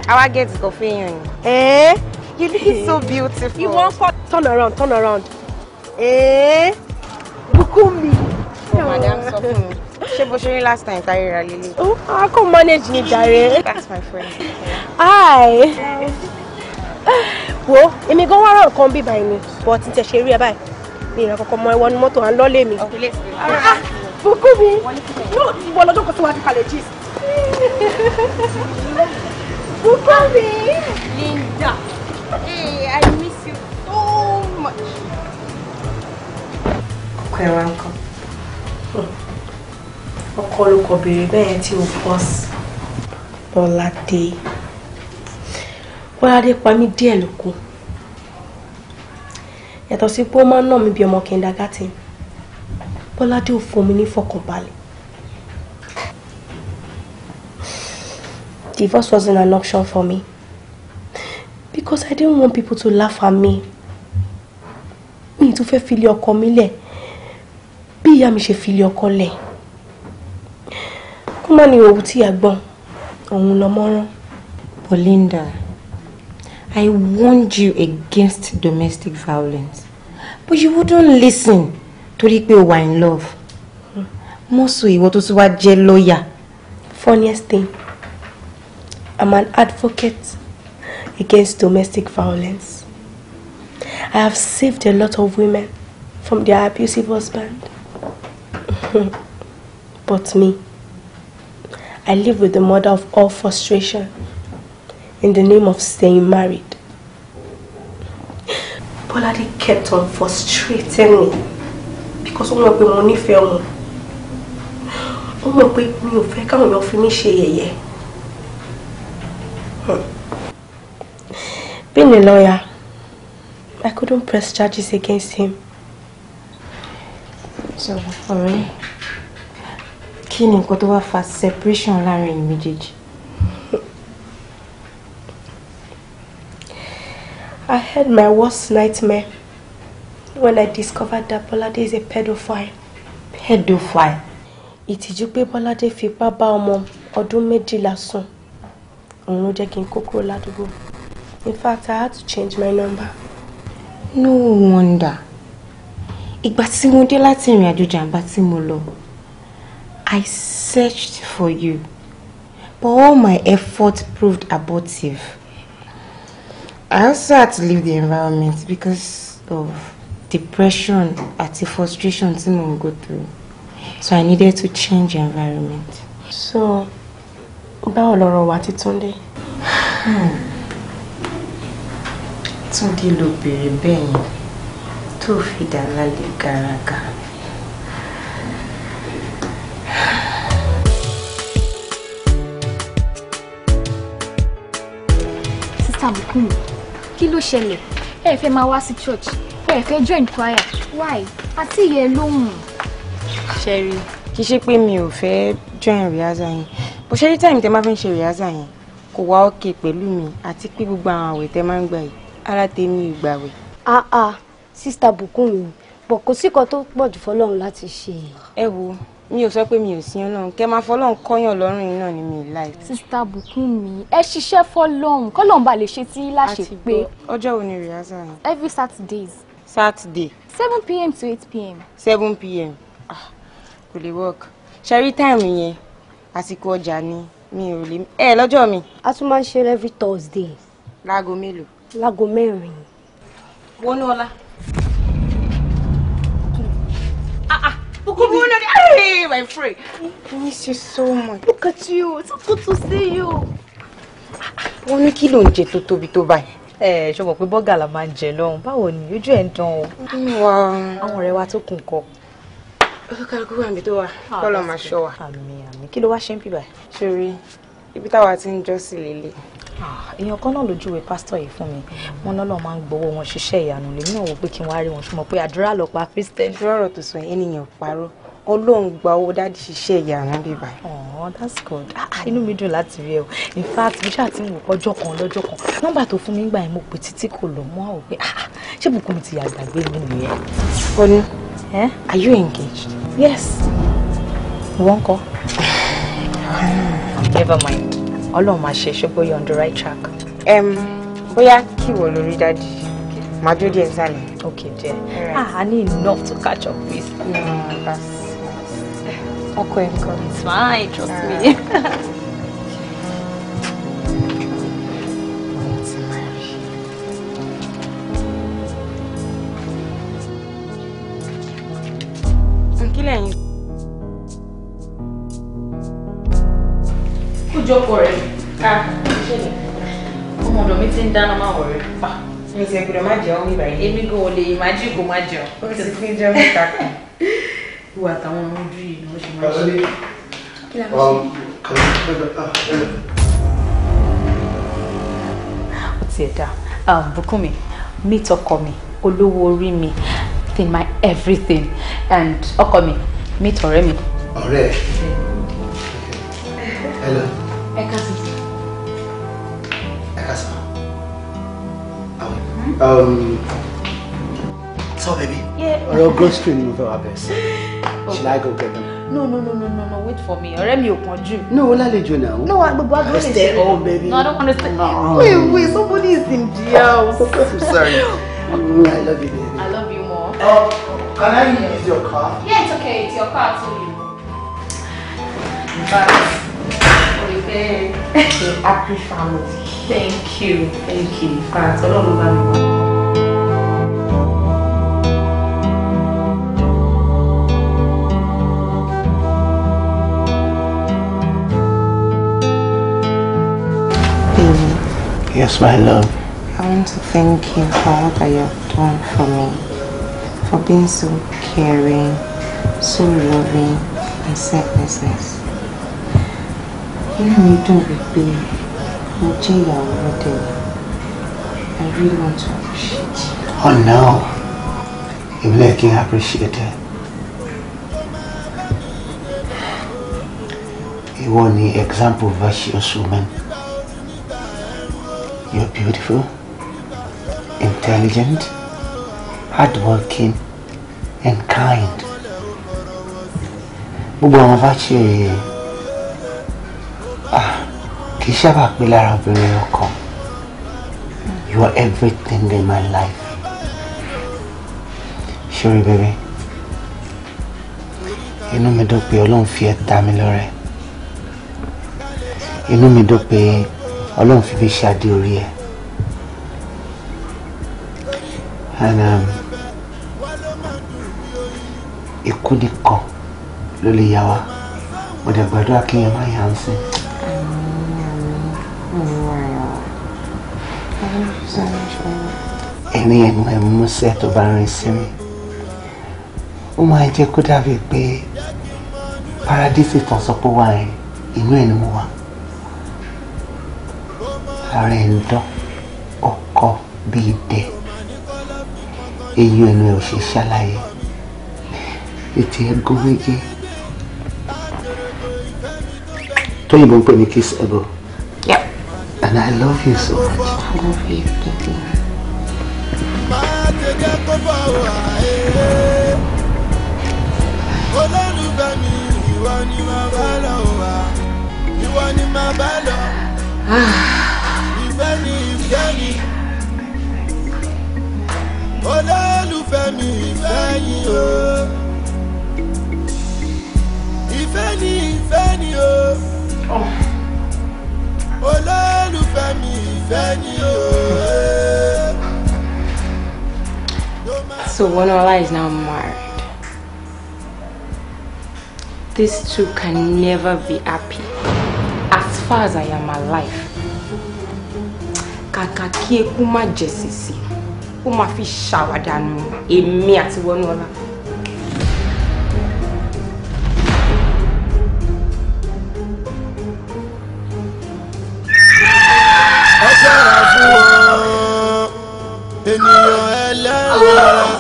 Our gẹ̀ẹ́tì is fi yàn yín. ẹ̀ẹ́ you look so beautiful. you want for turn around turn around. Eh, Bùkúnmi. o oh, madam sọ fún mi ṣé bó ṣe rí last time tá a ríra oh i can manage ni jàre. that's my friend. hi. wo èmi gan wá rán nǹkan bí báyìí ni bọ́ ti tẹ̀ ṣe rí ẹ báyìí mi ìran kankan mọ ẹwọ ní mọ́tò à ń lọ́lé mi. Bùkúnmi yóò ti wọ lọ́jọ́ kan tí wàá fi kalẹ̀ jíìsì. Who called Linda. Hey, I miss you so much. Ọkọ ẹ̀ wá ń kọ́. Ọkọ ló kọ bèrè bẹ́ẹ̀ tí o pọ̀ sí. Bọ́ládé. Bọ́ládé pa mí díẹ̀ lóko. Yàtọ̀ sí pé ó máa ń nà mí bí ọmọ kindergarten. Bọ́ládé ò fún mi ní fọkànbalẹ̀. divorce wasn't an option for me because I didn't want people to laugh at me. Me to fẹ́ your ilé be mi lẹ̀ bí ìyá mi ṣe fi ilé ọkọ lẹ̀. Kó má ní òwú Belinda, I warned you against domestic violence but you wouldn't listen torí pé o wà in love. Hmm. Mọ́sọ̀ ìwọ tó tún wa jẹ́ lawyer. Funniest thing. I'm an advocate against domestic violence. I have saved a lot of women from their abusive husband. but me, I live with the mother of all frustration in the name of staying married. Bolade kept on frustrating me because ó mọ̀ pé mo nífẹ̀ẹ́ wọn. Ó mọ̀ pé mi ò fẹ́ káwọn èèyàn fi mí Being a lawyer, I couldn't press charges against him. So, alright. Kí ni nǹkan tó separation láàrin méjèèjì? I had my worst nightmare when I discovered that Bolade is a pedophile. Pedophile? Ìtìjú pé Bolade fipá bá ọmọ ọdún méjìlá sùn òun ló jẹ́ kí n kó kúrò ládùúgbò in fact i had to change my number. no wonder ìgbà tí mo dé láti ìrìn àjò jàǹbá tí mo lọ i searched for you but all my effort proved abortive i also had to leave the environment because of depression àti frustration tí mo go through so i needed to change environment. so báwo lọ̀rọ̀ wà tí Túndé. Hmm. Túndé ló béèrè bẹ́ẹ̀ yẹn tó fi dà lálẹ́ gàràgà. Sista Bùkúnmi, kí ló ṣẹlẹ̀? Ẹ fẹ́ máa wá sí church, ẹ fẹ́ join choir, why? Àti ìyẹn lóhùn. Ṣẹ́rí, kì í ṣe pé mi ò fẹ́ join rehearsal yẹn kò ṣe é time tẹ máa fi ń ṣe rìhásà yẹn kò wá òkè pẹ̀lú mi àti pé gbogbo àwọn àwẹ̀ tẹ máa ń gbà yìí ara tèmi ò gbà wẹ̀. ah ah sista Bùkúnmi bọ̀ kò sí kan tó pọ̀ jù fọlọ́run láti ṣe. ẹ wo mi ò sọ pé mi ò sin ọlọ́run kẹ máa fọlọ́run kọ́yàn lọ́rùn iná ni mi láì. sista Bùkúnmi ẹ ṣiṣẹ́ fọlọ́run kọ́lọ́run bá lè ṣe tí láṣẹ pé. ọjọ́ wo ni rìhásà yẹn. every saturdays. saturday. seven pm to eight pm. seven pm ah kò lè work ṣe rí táìmù yẹn àsìkò ọjà ni mi ò lè ẹ lọ́jọ́ mi. a tún máa ń ṣe every thursday. láago mélòó. láago mẹ́rin. wọnú ọlá. Bukubu no dey hey my friend. I miss you so much. Look at you. It's so good to see you. Wọ́n ní kí ló ń jẹ tó tóbi tó báyìí. Ẹ ṣọ mọ̀ pé bọ́gà la máa ń jẹ lọ́hùn. Báwo ni ojú ẹ̀ ń dán o? Àwọn ọ̀rẹ́ wa tó kù nǹkan kálukú wà mí tó wà ah, kọ́lọ́ máa ṣọ́ wa. àmì àmì kí ló wá ṣe ń bíbà. sori ibi táwa ti ń jọ́sìn lélẹ̀. Ah, èèyàn kan náà lójúwe pásítọ̀ yìí fún mi wọn lọ́lọ́ máa ń gbowó wọn ṣiṣẹ́ ìyanu lèmi náà wò pé kí n wá rí wọn ṣùgbọ́n pé àdúrà lọ pa Kristẹni. ìrọ̀rọ̀ tó sọ ènìyàn parọ́ olóhùn gba owó dáàdì ṣiṣẹ́ ìyanu bíbá. oh that's good ah, inú mi dùn láti rí ẹ o in fact mo ṣáà ti ń wò ọjọ́ kan lọ́jọ́ kan nọ́mbà tó fún mi ń gbà yẹn mo pè títí kò lọ mọ́ àwọn pé ṣé bùkún mi ti yàgbàgbé mi nìyẹn. ó eh? are you engaged? yes ìwọ ńkọ́. never mind ọlọ́run máa ṣe ṣùgbọ́n you're on the right track. bóyá kí ìwọ lórí dáàdi màá dúró díẹ̀ nísàlẹ̀. okay dear right. ah, I need enough to catch up with. ọkọ ẹ̀ ń kọ́. it's fine trust uh. me. kílẹ̀ yín. kó jọpọ̀ rẹ̀ ká ṣẹlẹ̀ ọmọ ọ̀dọ̀ mi ti ń dáná máa wọ̀ rẹ̀ pa. mi ti ẹgbẹ̀rẹ̀ má jẹun ní ìbàyẹ̀. èmi gan ò lè májí kó má jẹun. ó ti fi jẹun kàkà. ìwà àtàwọn ọmọ ojú yìí ni wọ́n ṣe máa ṣe. ó ti ẹ̀ dá Bùkúnmi mi tọkọ mi olówó orí mi everything my everything and ọkọ mi meet ọ̀rẹ́ mi. ọ̀rẹ́ hello. ẹ ká sọ. ẹ ká hmm? um, so baby ọ̀rọ̀ grocery ni mo fẹ́ wá bẹ̀rẹ̀ sí oh. should I go get them. No, no, no, no, no, no, wait for me. Ọ̀rẹ́ mi ò kánjú. No, lálejò now. No, gbogbo agbó lè jẹ́. Stay home, baby. No, I don't want to stay. No. Wait, wait, somebody is in jail. I'm sorry. I love you, baby. I love you. Oh, can I use your car? Yeah, it's okay. It's your car too. But okay. happy family. Thank you. Thank you. Thanks. I don't know about Yes, my love. I want to thank you for all that you have done for me for being so caring, so loving, and selflessness. Inú you don't repay, my ìyàwó lọ́dẹ yìí. I really want to appreciate you. Oh no! you're making me appreciate You are the example virtuous woman. You're beautiful, intelligent. hardworking and kind gbogbo àwọn bá ṣe ah, kì í sábà pé lára obìnrin ọkàn you are everything in my life ṣeré bẹbẹ inú mi dùn pé ọlọ́run fi ẹ́ ta mi lọ́rẹ inú mi dùn pé ọlọ́run fi mi ṣe adé orí ẹ and um, kúdí kan ló lè yá wa mo dẹ̀ gbàdúrà kí yẹn má yà ń sìn. ẹni ẹnu ẹ músẹ́ tó bá rìn sí mi ó máa jẹ́ kó dàbí pé paradísì tán sọ pé wà ẹ inú ẹ̀ ni mo wà ara ẹ̀ ń dán ọkọ bíi dẹ eyín ẹnu ẹ̀ ò ṣe ṣàlàyé ètè ẹ̀gún méje tóyìnbó ń pè ní kiss elbow. Yeah. And I love you so much. I love you too. Ah. olólùfẹ́ mi ìfẹ́ yìí o ìfẹ́ ni o. Oh. olólùfẹ́ mi ìfẹ́ o. So Wonola is now married. These two can never be happy as far as I am alive. Kàkà kí eku má jẹ sìsì, ó máa fi ṣàwàdà nù èmi àti Wonola. Oh!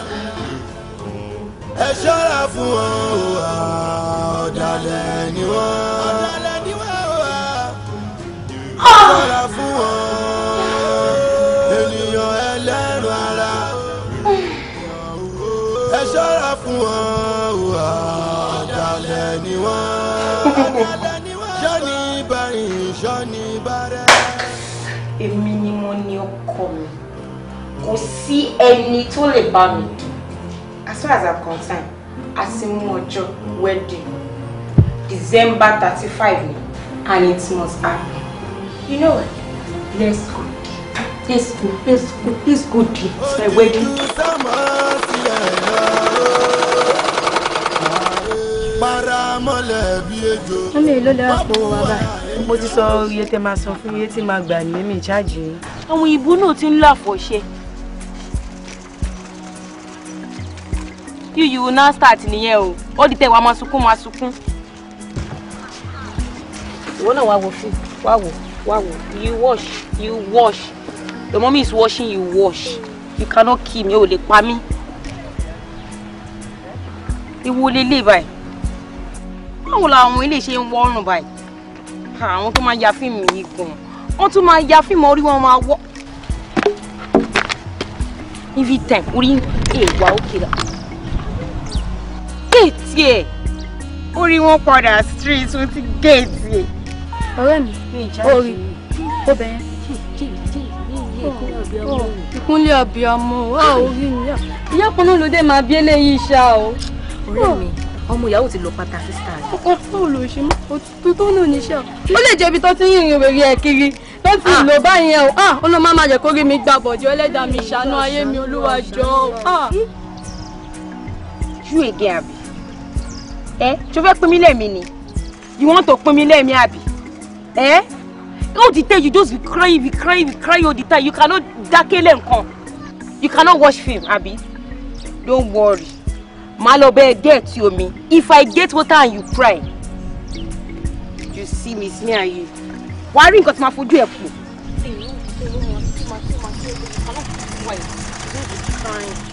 ẹni tó lè bá mi as far as i'm concerned a ti mú ọjọ́ wedding december thirty five ni and it must happen you know what let's go let's go let's go let's go di it's my wedding. mọ́mí èló lè wá fún wa báyìí mo ti sọ iye tẹ́ máa sọ fún iye tí máa gbà ní mi ìjáàjì. àwọn ìbú náà ti ń lọ àfọ̀ṣe you you will now start nìyẹn o All the time, wàá máa sunkún máa sunkún. wo fún wàá wo wàá wo you wash you wash The mommy is washing you wash you cannot kill me o lè pa mí. ìwo lélẹ̀ báyìí báwo làwọn ilé ṣe ń wọ́rùn báyìí àwọn tó máa ya fíìmù yìí gan-an wọ́n tún máa ya fíìmù orí wọn máa wọ́. every Uri, orí èèwà ó tiẹ̀ orí wọn padà street wọn ti géètì ẹ̀. ọ̀rẹ́ mi orí obìnrin ìkúnlẹ̀ ọ̀bì ọmọ wa ò rí ni ìyá kan náà ló dé máa bí eléyìí ṣá o. ọ̀rẹ́ mi ọmọ ìyàwó ti lọ pátá sísá rẹ̀. ọkọ fún olùṣí òtútù tó nù níṣẹ́ ó lè jẹ́ ibi tó ti ń yìnrìn rèrè ẹ̀ kiri ló ti ah. lò báyẹn o ah olóò má má jẹ́ kó rí mi gbà bọ̀dọ̀ ẹlẹ́dàá mi ṣàánú ayé mi olúwa jọ̀ọ́. Ah. you again abi ṣo fẹ́ pin mí lẹ́mí ni you want to pin mí lẹ́mí àbí ẹ all the time you just be crying be crying be crying all the time you cannot dákẹ́ lẹ́ǹkan you cannot watch film àbí don't worry màá lọ bẹ́ẹ̀ get omi if I get water and you cry you see me see me and you wàá rí nǹkan tí màá fojú ẹ̀ kù. Crying.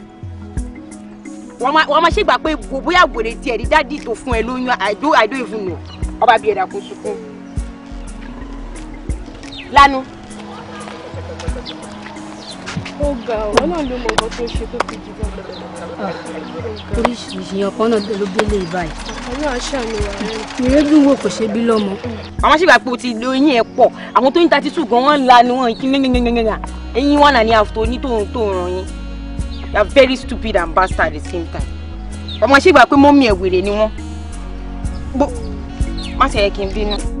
wọ́n máa ṣègbà pé bóyá wèrè tiẹ̀ rí dáàdì tó fún ẹ lóyún àìdó àìdó ìfúnnù ọba bíi ẹ̀dà kò sunkún. lánàá. ó ga ọ̀rọ̀ náà ló mọ nǹkan tó ṣe tó fi jù bọ́ọ̀lù. Ah, oríṣiríṣi ọkọ náà ló gbélé e báyìí. àwọn àṣà mi wà rẹ. ìrẹ́dùn wo kò ṣe bí lọ́mọ. àwọn ṣègbà pé o ti lo ẹ pọ̀ àwọn tó ń ta títù gan wọ́n ń wọn nà ní you are very stupid and bastard at the same time ọmọ ṣe gbà pé mọ́mí ẹ̀ wèrè ni wọ́n má ṣe yẹ kí be bínú.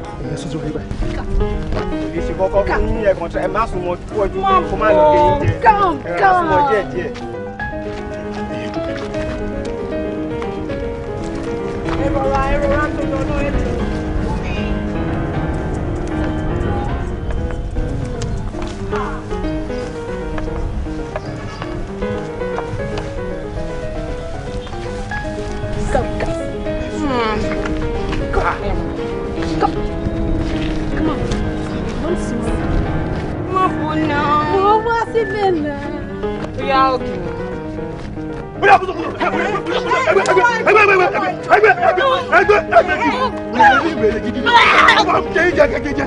sórí báyìí. lè ṣe kọ́kọ́ fún yín ẹ̀kan ẹ má sùn mọ́ ojú kó má lọ gé yín jẹ ẹ má sùn mọ́ díẹ̀ díẹ̀. náà. mo wá sílẹ̀ náà. ó yá òkè. Ẹgbẹ́ ẹgbẹ́ ẹgbẹ́ ẹgbẹ́ ẹgbẹ́ ẹgbẹ́ kí ni ìbéèrè gidi ni? Ọba ń jẹ ìjẹ gẹgẹjẹ.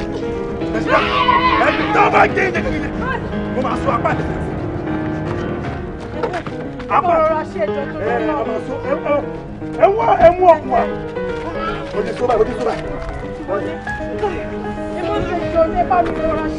Ẹgbẹ́ tó bá ń jẹ ìjẹ gẹgẹjẹ. Mo máa sọ apá ẹ̀. Apá ẹ̀ ẹ̀ ọmọ sọ ẹ̀ wọ́n ẹ̀ mú ọkùnrin. Ó ti sọ báyìí, ó ti sọ báyìí. How do you want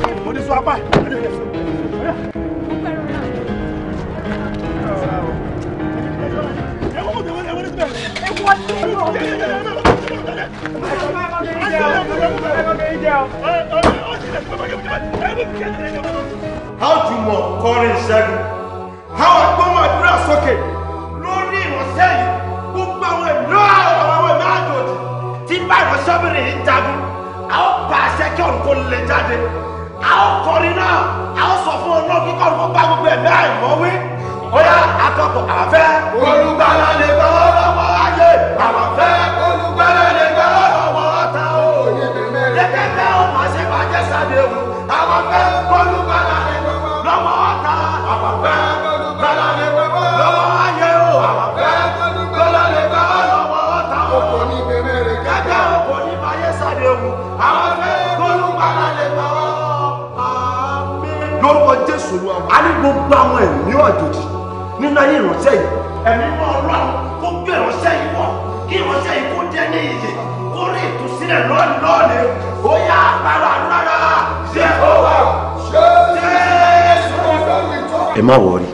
Kọrin Ṣẹ́gun? How I go my dress okay? Lórí ìrọ̀sẹ́ yìí, gbogbo àwọn ìlú àwọn àwọn ìlú àjòjì ti bá ìrọ̀sẹ́ obìnrin in jagun kọ́ọ̀rù kó lè jáde a ó kọrin náà a ó sọ fún ọlọ́run kí bá gbogbo ẹ̀mí àìmọ́wé ó yá akọ́kọ̀ àfẹ́ olúgbà. jésù olúwa a ní gbogbo àwọn ẹ̀mí ọ̀jọ̀jì nínú ayé ìránṣẹ́ yìí ẹ̀mí mọ́ ọlọ́run kó gbé ìránṣẹ́ yìí wọ̀ kí ìránṣẹ́ yìí kó jẹ́ ní ìyè kó rí ìtúsílẹ̀ lọ́ọ̀lọ́ọ̀lẹ̀ ó yá agbára rárá ṣé ó wà ṣé jésù ẹ má wọrí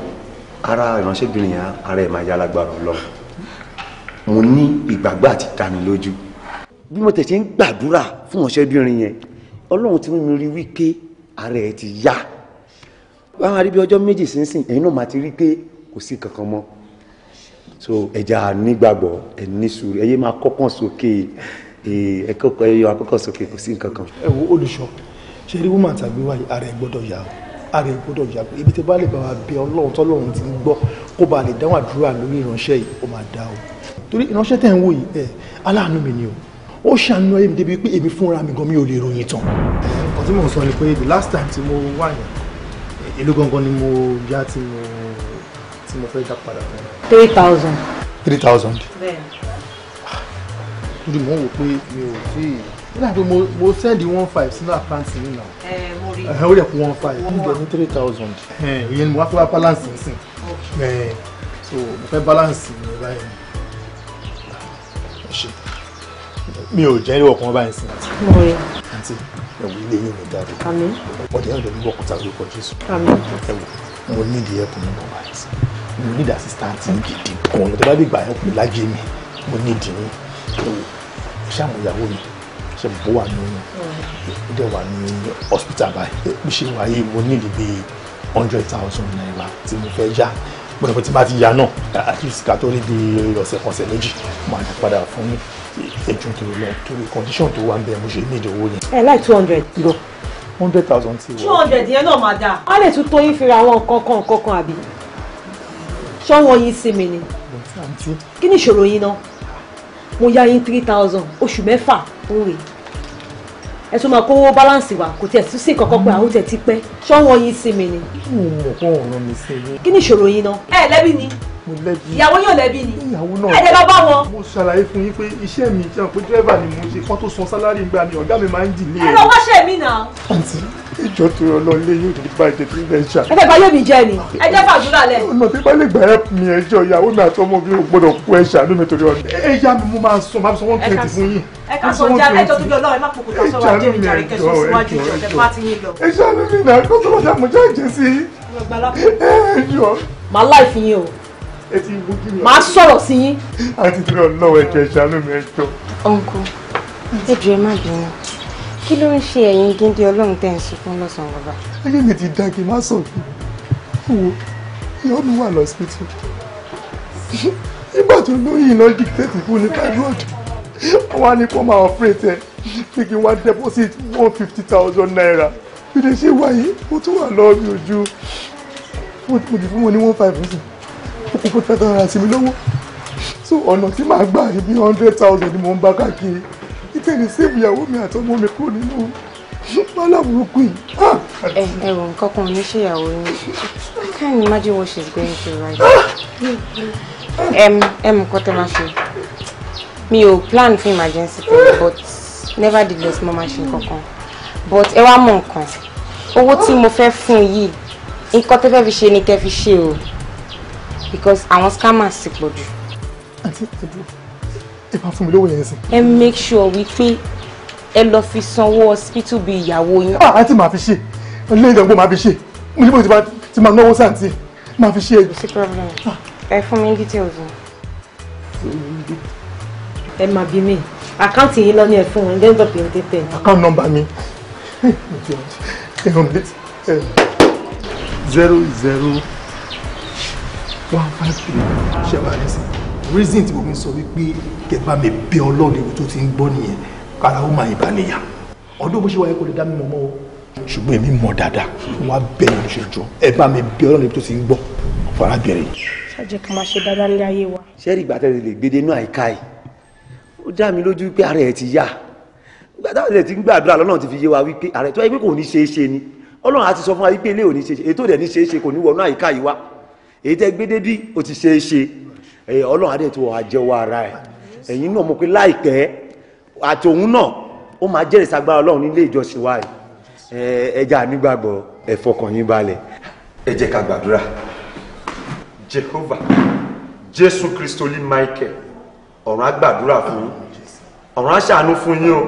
ara ìránṣẹ́bìnrin yẹn ara ẹ̀ máa yá lágbára ọlọ́run mo ní ìgbàgbọ́ àti ìdánilójú bí mo tẹ̀sí ń gbàdúrà fún ìránṣẹ́bìnrin yẹn ọlọ́run ti mú mi rí wípé ara ẹ̀ ti yá báwọn arí bí ọjọ́ méjì sínsìn ẹ̀yin náà máa ti rí pé kò sí kankan mọ́ so ẹja nígbàgbọ́ ẹ ní sùúrù ẹ yé máa kọ́kàn sókè ẹ kọ́kọ́ ẹ yọ akọ́kọ́ sókè kò sí kankan. ẹ wo olùṣọ́ ṣe rí woman tàbí wáyé ara ẹ gbọ́dọ̀ yà ó ara ẹ gbọ́dọ̀ yà ó ibi tí bá lè bá wa bẹ ti ń gbọ́ kó ba lè dáhùn àdúrà lórí ìránṣẹ́ yìí ó máa dá o torí ìránṣẹ́ tẹ̀ ń wò yìí ẹ aláàánú mi ni o ó ṣàánú ẹ̀mí débi pé èmi fúnra mi gan mi ò lè ròyìn tán. nǹkan mò ń sọ ni pé the last time tí mo wà èló gangan ni mo yá tí mo tí mo fẹ́ dá padà three thousand. three thousand. bẹ́ẹ̀. torí mo wò pé mi ò tí ì nígbà pé mo mo send one five sínú àkáǹtì mi náà. ẹ mo rí i. ó rẹ̀ one five. ó ń bẹ̀ ní three thousand. ìyẹn ni mo wá fẹ́ wá balance nísìn. so mo fẹ́ balance mi báyìí. mi ò jẹ́ ìwọ̀n kan báyìí mo rí àǹtí ẹ̀wù ilé yìí ní dáre ọ̀dẹ ọ̀dẹ ní wọ́kùtà lórúkọ jésù ẹ̀wù mo ní ìdí ẹ̀kún nínú wáyé mo ní ìdí assistant gidi kan lọ́tọ́ bá dìgbà ẹ̀kún lájẹ́ mi mo ní ìdí ní ẹ̀wù ṣàmù ìyàwó mi ṣe bó wà ní ó dẹ̀ wà ní hospital báyìí bí ṣe wáyé mo ní ìdí bíi hundred thousand naira tí mo fẹ́ yá gbọ́dọ̀ pé tí bá ti yá náà at least ká tó rí bíi ọ̀sẹ̀ kan ọ̀sẹ̀ méjì máa ẹjọ tó lọ torí condition tó wà ń bẹ mo ṣe ní ìdòwò yẹn. ẹ láì two hundred. lọ hundred thousand ti wọ. two hundred yẹn náà máa dáa. wọ́n lè tún tóyún fira àwọn kankan kankan àbí ṣọ́wọ́ yín sí mi ni. kí ni ìṣòro yín náà mo yá yín three thousand oṣù mẹ́fà ń rè ẹ tún máa kówó báláǹsì wa kò tiẹ̀ tún sí kankan pé àwọn tẹ̀ ti pẹ́ ṣọ́wọ́ yín sí mi ni. kí ni ìṣòro yín náà. ẹ lẹ́bi ni mo lẹ́bi. ìyàwó yóò lẹ́bi ni. ìyàwó náà ẹ̀jẹ̀ lọ bá wọn. mo ṣàlàyé fún yín pé iṣẹ́ mi jẹun pé dírẹ́bà ni mo ṣe kán tó san sálárì ńgbà mi ọ̀gá mi máa ń dìlé. ẹ lọ wáṣẹ mi náà. àǹtí ìjọ tó yọ lọ ilé yóò ní bàjẹ́ tó lẹ́ ṣá. ẹ bá yóò mi jẹ ni ẹ jẹ́ fàdúrà lẹ̀. ọ̀nà tí bá lè gbà ẹ́ mi ẹjọ́ ìyàwó mi àti ọmọ mi ò gbọ́dọ̀ kú ẹ ṣàánú mi torí ọ̀nà. ẹ yá mi mo máa sọ máa sọ one twenty fún yín. ẹ ká sọ já ẹjọ́ tó bí ọlọ́run má pokùtà sọ wa jẹ́mi jàre kẹsàn-án síwájú ìjọba ẹ bá yín lọ. ẹ ṣàánú mi náà kó sọ́wọ́ já mo já ìjẹ́ sí. ẹ jọ. màá láì fi yín o ẹ ti mú kí ni. màá sọ̀rọ̀ sí yín. àti tí ọlọ́wọ́ ẹ̀jọ̀ ẹ̀ṣá ló mi ẹ̀jọ̀. ọ̀nkù ẹ̀jù ẹ má bínú kí ló ń ṣe ẹ̀yin géńdé ọlọ́run tẹ́ ń sunkún lọ́sàn-án bàbá. ayé mi ti dá kí n má sọ̀rọ̀ wo ìyá mi wà lọ́sítítù nígbà tó lóyìn lọ dictate fún ní fibroid wọ́n á ní kó máa operate ẹ̀ pé kí n wá deposit one fifty thousand naira bí lè ṣe wáyé ó tún wà lọ́ọ́ mi ojú mo ti fún wọn ní one five thousand kúkú fẹ́ tán ra sí mi lọ́wọ́ so ọ̀nà tí màá gbà yìí bí hundred thousand ni mò ń bá káàkiri ìtẹ̀lé save ìyàwó mi àtọmọ mi kúrò nínú wàhálà burúkú yìí. Ah! ẹ ẹ wọ nǹkan kan ní ṣèyàwó ni I can't imagine what she's going through right now. ẹ ẹ mú kọ́tẹ́ máa ṣe mi ò plan fún emergency tẹ́lẹ̀ but nevertheless mo máa ṣe nǹkan kan but ẹ wá mọ nǹkan owó tí mo fẹ́ fún yìí nǹkan tẹ́ fẹ́ fi ṣe ni kẹ́ fi ṣe o because àwọn scammers ti pọ̀ jù. àti ẹ̀dùn ẹ máa fún mi lówó yẹn sí. ẹ make sure wípé ẹ lọ fi sanwó hospital bí ìyàwó yín. àá ti máa fi ṣe lẹ́yìn ìdàgbò máa fi ṣe mo ní bó ti máa náwó sáǹtì máa fi ṣe ẹ. kò sí problem ah. ẹ fún mi details o. ẹ máa bí mi àkáǹtì yìí lọ ní ẹ fún wọn ǹjẹ́ ìjọba èyí tètè. àkáǹtì nọ́mbà mi zero zero one five three ṣe wà nísìn reason tí mo fi sọ wípé kẹfà mi bẹ ọlọ́run ibi tó ti ń gbọ́ nìyẹn kára ó máa ìbá nìyà ọdún bó ṣe wáyé kò lè dá mi mọ̀ mọ́ o ṣùgbọ́n èmi mọ̀ dáadáa wọn á bẹ ẹni ṣe jọ ẹ bá mi bẹ ọlọ́run ibi tó ti ń gbọ́ ọ̀fọ̀rábìnrin. ṣáàjẹ́ kí n máa ṣe dáadáa ní ayé wa. ṣẹ́ẹ̀rì ìgbà tẹ́lẹ̀ lè gbédé inú àyíká yìí ó dá mi lójú pé ara ẹ̀ ti yá ìgbà táwọn ẹ̀ ti ń gbàdúrà lọ́nà ti fi yé wa wípé ara ẹ̀ tó wáyé pé kò ní ṣeé ṣe ni ọlọ́run á ti sọ fún wa wípé ilé ò ṣe ètò ṣe kò ní wọnú àyíká yìí wá èyí tẹ́ gbé débí ó ti ṣe é ṣe ẹ̀yìn ọlọ́run adé tó àjẹwọ́ ara ẹ̀ ẹ̀yìn náà mo pé láìpẹ́ àti òun náà ó máa jẹ́rìí sagbára ọlọ́run nílé ìjọsìn wa ẹja nígbàgbọ́ ẹ balẹ̀. ẹ jẹ́ ká gbàdúrà jehova jésù kristoli michael ọ̀run agbadura gbàdúrà fún yín ọ̀run á fún yín o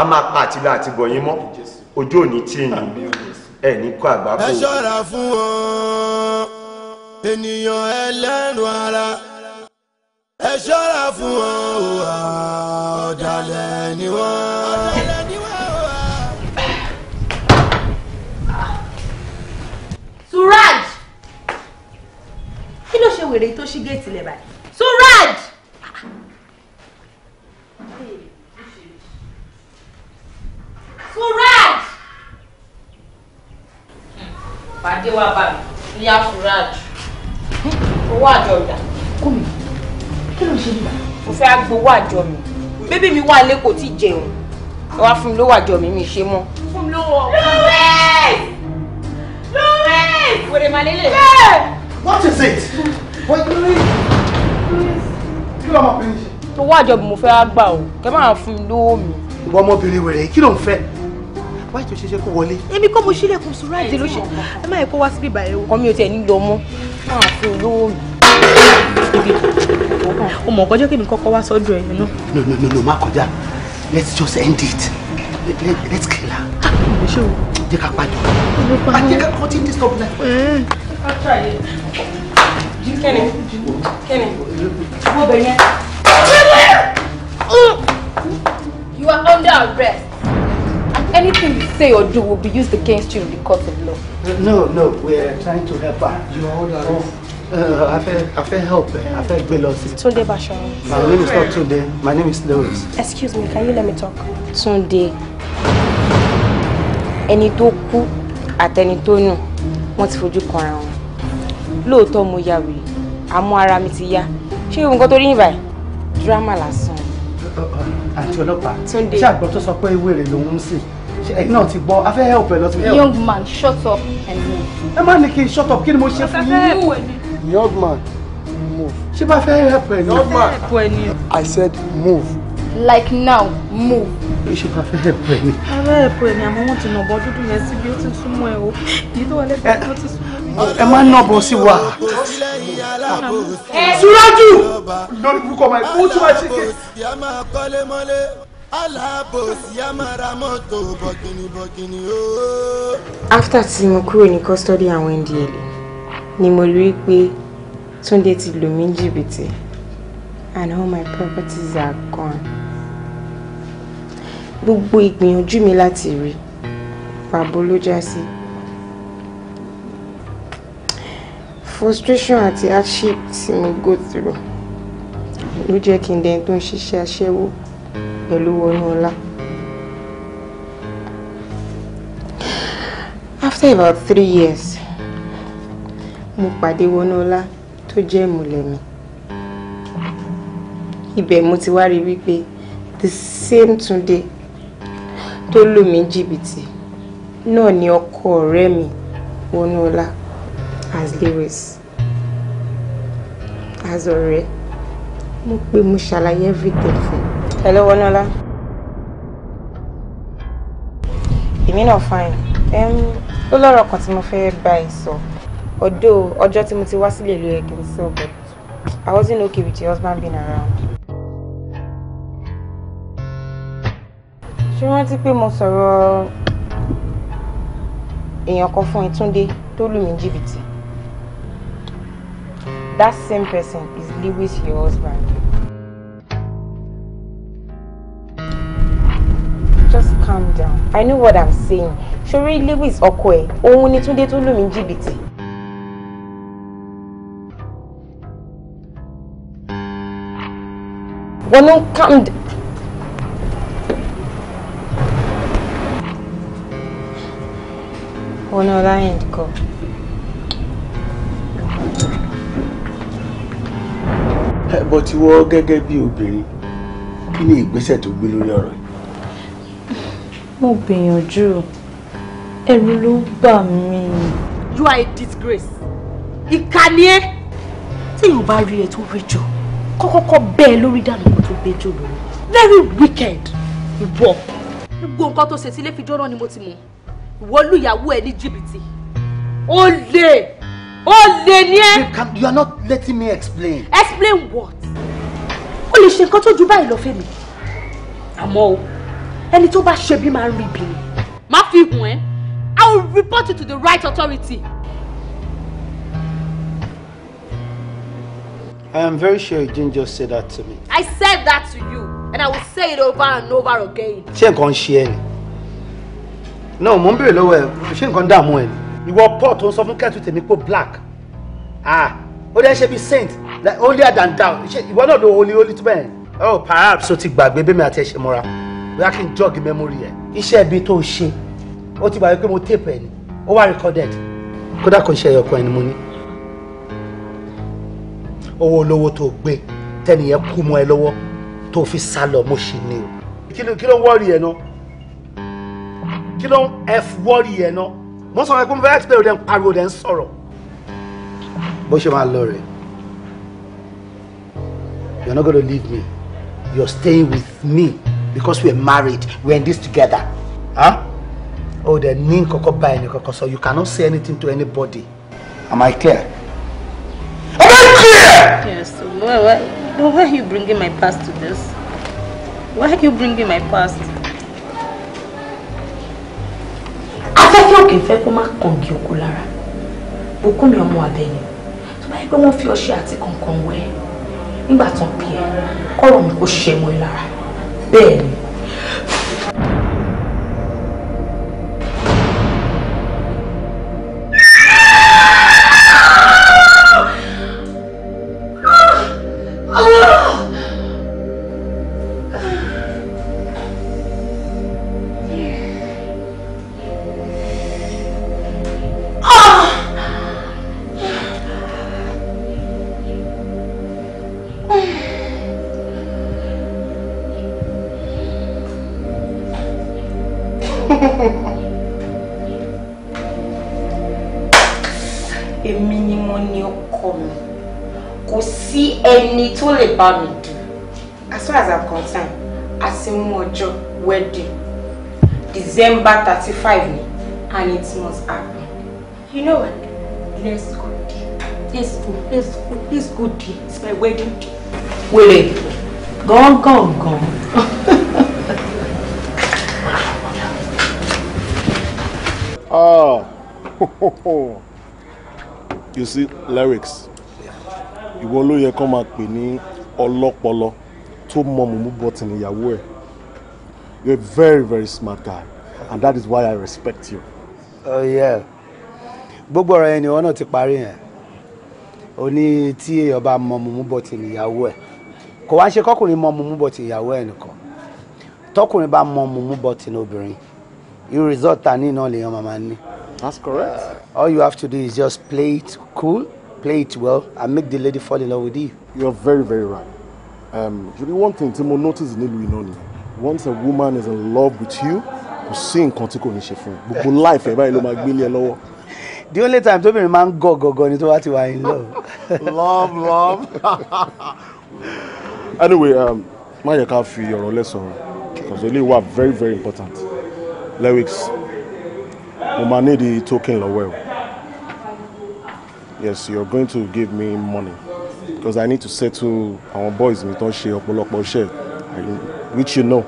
a máa pa àtìlá àti bọ̀yín mọ́ ojú òní tí ní kó ẹ ṣọ́ra fún wọn. ènìyàn ẹlẹ́nu ara ẹ ṣọ́ra fún wọn o ọ̀dàlẹ̀ ni wọ́n. Suraj kí ló ṣe wèrè tó ṣí géètì lẹ̀ báyìí Suraj. Suraj. pàdé wa bá ìyá Suraj owó àjọ ìdá. kùmí kí ló ń ṣe nígbà. mo fẹ́ gbowó àjọ mi bébí mi wà lé kò tí ì jẹun ẹ wá fún mi lówó àjọ mi mi ṣe mọ́. fún mi lówó. Louis Louis. wèrè màlélè. what is it. wait Louis Louis kí ló máa pè é ṣe. owó àjọ mi mo fẹ́ gbà o kẹ́ máa fún mi lówó mi. ìwọ ọmọbìnrin wèrè kí ló ń fẹ́ wáyé tó ṣe ṣe kó wọlé. èmi kọ́ mo ṣílẹ̀kùn sùúrù àjẹ ló ṣe ẹ má yẹ kó wá síbí báyìí o. ọmọ mi ò tiẹ̀ nílò ọmọ máa fún olówó mi. o mọ̀ kọjọ́ kébì kọ́kọ́ wá sọ́dọ̀ ẹ̀ náà. no no no no má kọjá let's just end it let's kill her. Ah, mo ṣe o. jẹ́ ká pàjọ. Ah, àti ká kọ́ tí ń disturb náà. kẹ́ni kẹ́ni mo bẹ̀ yẹn. you are under arrest anything you say or do will be used against you in the court of law. No, no, we're trying to help her. You are all wrong. Oh, uh, I feel, I feel help. Uh, I feel Belos. Tunde Bashaw. My name is not Tunde. My name is Lewis. Excuse me, can you let me talk? Tunde. Any tó kú àtẹni tó nù wọ́n ti fojú kanra wọn. mo ya wèrè, àmọ́ ara mi ti yá. Ṣé nǹkan tó rí yín báyìí? Dírámà lásán. Uh, uh, àti ọlọ́pàá. Tunde. Ṣé àgbọ̀ tó sọ pé ewé rẹ̀ lòun ń sìn? ẹ̀yin náà ti gbọ́ afẹ́ help ẹ lọ sí. young man shut up and move. ẹ má ní kí n shut up kí ni mo ṣe fún yín. young man move. ṣé bá fẹ́ help ẹ ni. young man I said move. like now move. ṣé bá fẹ́ help ẹ ni. afẹ́ help ẹ ni àmọ́ wọ́n ti nà bọ́ dúdú yẹn síbi ó ti súnmọ́ ẹ o èyí tó wà lẹ́gbẹ̀ẹ́ tó ti súnmọ́ ẹ. ẹ má nà sí wa. Suraju lórí bukọ ma ẹ kó tí wàá ṣe ké after tí mo kúrò ní custody àwọn ndla ni mo rí i pé Túndé ti lù mí jìbìtì and all my properties are gone. gbogbo ìgbìyànjú mi láti rí pàbó ló já sí. frustration àti hardship tí mo go through ló jẹ́ kí n dẹ́n tó ń ṣiṣẹ́ aṣẹ́wó pẹ̀lú Wọnúọlá. After about three years, mo pàdé Wọnúọlá tó jẹ́ ìmùlẹ̀ mi. Ibẹ̀ mo ti wá rí the same today. tó lù mí jìbìtì náà ni ọkọ ọ̀rẹ́ as Lewis as ọ̀rẹ́ mo pé mo ṣàlàyé everything Hello, Wanola. Èmi náà fine. Um, lọ́rọ̀ kan tí mo fẹ́ bá ẹ sọ. Although ọjọ́ tí mo a little sílé so yẹ but I wasn't okay with your husband being around. Ṣé rántí to pay sọ̀rọ̀ èèyàn In your coffin, tó lù mí jìbìtì? That same person is Lewis, your husband. calm down I know what I'm saying ṣorí Lewis ọkọ ẹ̀ òun ni Túndé tó lù mí jìbìtì wọn ló ń calm down. wọn náà láyé nǹkan. ẹ̀bọ̀ tí wọ́n gẹ́gẹ́ bí obìnrin kí ni ìgbésẹ̀ tó gbé lórí ọ̀rọ̀ mo gbìyànjú ẹ̀rù ló bà mí. you are a disgrace ìkà ni ẹ́ tí yóò bá rí ẹ tó rẹjọ kọ́kọ́kọ́ bẹ́ẹ̀ lórí dànù kó tó gbẹjọ lórí very wicked ìwọ gbogbo nǹkan tó ṣe sílé fi jọ́nà ni mo ti mọ̀ ìwọ lùyàwó ẹ ní jìbìtì ó lè ó lè ní ẹ. you are not letting me explain. explain what? o lè ṣe nǹkan tó ju báyìí lọ fẹ́ àmọ́ o ẹni tó bá ṣe bí máa ń rí bí. má fi hùn ẹ́ I will report you to the right authority. I am very sure you didn't just say that to me. I said that to you and I will say it over and over again. ṣé nǹkan ń ṣe ẹ ni? no mo ń béèrè lọ́wọ́ ẹ ṣé nǹkan dààmú ẹ ni? ìwọ paul tó ń sọ fún kẹ́tù tèmi pé black ah ó dẹ́ ṣe bí saint like only holier than thou ìwọ náà ló holy holy tó bẹ́ẹ̀. oh perhaps o ti gbàgbé bẹ́ẹ̀ mi àti ẹ̀ ṣe mọ́ra bóyá kí n jọ́ọ̀gì mẹ́mórì ẹ̀. iṣẹ́ ibi tó ṣe ó ti gbàgbé pé mo tape ẹ̀ ni ó wà recorded kódà kò ṣe ẹyọkan ẹni mo ní. owó olówó tó gbé tẹ́nìyẹn kú mọ́ ẹ lọ́wọ́ tó fi sá lọ mo ṣì ní o. kí ló kí ló wọ́ọ̀rì ẹ̀ náà kí ló ń f wọ́ọ̀rì ẹ̀ náà mo sọ pé mo fẹ́ explain rẹ̀ ń pariwo rẹ̀ ń sọ̀rọ̀. bó ṣe máa lọ rẹ̀ you're not gonna leave me you're staying with me because we're married we're in this together huh? oh, the ní kọ́kọ́ bá ẹni kọ́kọ́ sọ you cannot say anything to anybody am I clear. am I clear. yes so why why why are you bringing my past to this why are you bringing my past. afẹ́fẹ́ òkè fẹ́ kó má kàngi òkú lára òkú mi ọmọ abẹ́yẹn tó bá yẹ pé wọ́n fi ọṣẹ àti kànkàn bem. èyí all about me. mi as far as i'm concerned àti mú ọjọ́ wedding december thirty five and it must happen you know what let's go there let's go let's go let's go it's my wedding day. go, gángan gan. oh, you see lyrics ìwọ ló yẹ kán máa pè ní ọlọ́pọlọ tó mọ mùmú bọ́tì níyàwó ẹ̀ you are a very very smart guy and that is why I respect you. Oh, yeah. gbogbo ọ̀rọ̀ yẹn ni wọ́n náà ti parí yẹn o ní tí èèyàn bá mọ mùmú bọ́tì níyàwó ẹ̀ kò wá ṣe kọkùnrin mọ mùmú bọ́tì ìyàwó ẹ̀ nìkan tọkùnrin bá mọ mùmú bọ́tì obìnrin irú result ta ní iná lèèyàn máa máa ní. That's correct. Uh, all you have to do is just play it cool play it well and make the lady fall in love with you. You're very, very right. Um, you know one thing tí notice nílùú iná nìyẹn. Once a woman is in love with you, you sí nǹkan tí kò ní ṣe fún life ẹ̀ báyìí ló máa gbélé The only time to be a man go go go into what you are in love. love love. anyway um, yẹ ká fi ọ̀rọ̀ lẹ́sọ̀rọ̀ because eléyìí wà very very important. Lyrics mo máa ní di token lọ́wọ́ ẹ̀ yes you are going to give me money because i need to settle our boys mi tó ń ṣe ọ̀pọ̀lọpọ̀ which you know.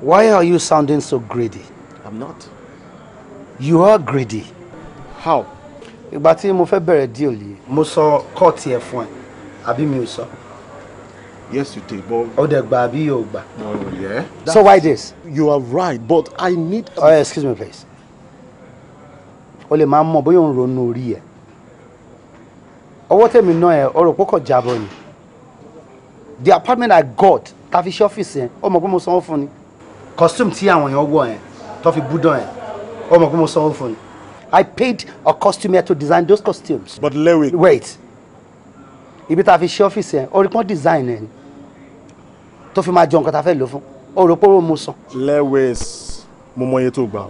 why are you sounding so greedy. i'm not. you are greedy. how. ìgbà tí mo fẹ́ bẹ̀rẹ̀ deal yìí mo sọ kọ́ọ̀tì ẹ̀ fún ẹ àbí mi ò sọ. yes you did but. ó dẹ̀ àbí yóò gbà. Oh, yeah. so why this. you are right but i need. oh excuse me please. o lè máa mọ̀ bóyá òun ronú orí ẹ̀ ọwọ́ tẹ̀mí náà ẹ̀ ọ̀rọ̀ pọ̀ kọ̀ jábọ̀ ni the apartment I got ta fi ṣe ọ́fíìsì yẹn ọmọ pé mo sanwó fún ni costume tí àwọn èèyàn wọ̀ yẹn tó fi búdàn yẹn ọmọ pé mo sanwó fún ni I paid a costumer to design those costumes. But Lewis. Wait ibi tá a fi ṣe ọ́fíìsì yẹn orí pọ́n design ẹ̀ ni tó fi máa jọ nǹkan tá a fẹ́ lò fún ọ̀rọ̀ pọ́n mo san. Lewis mo mọ iye tó gbà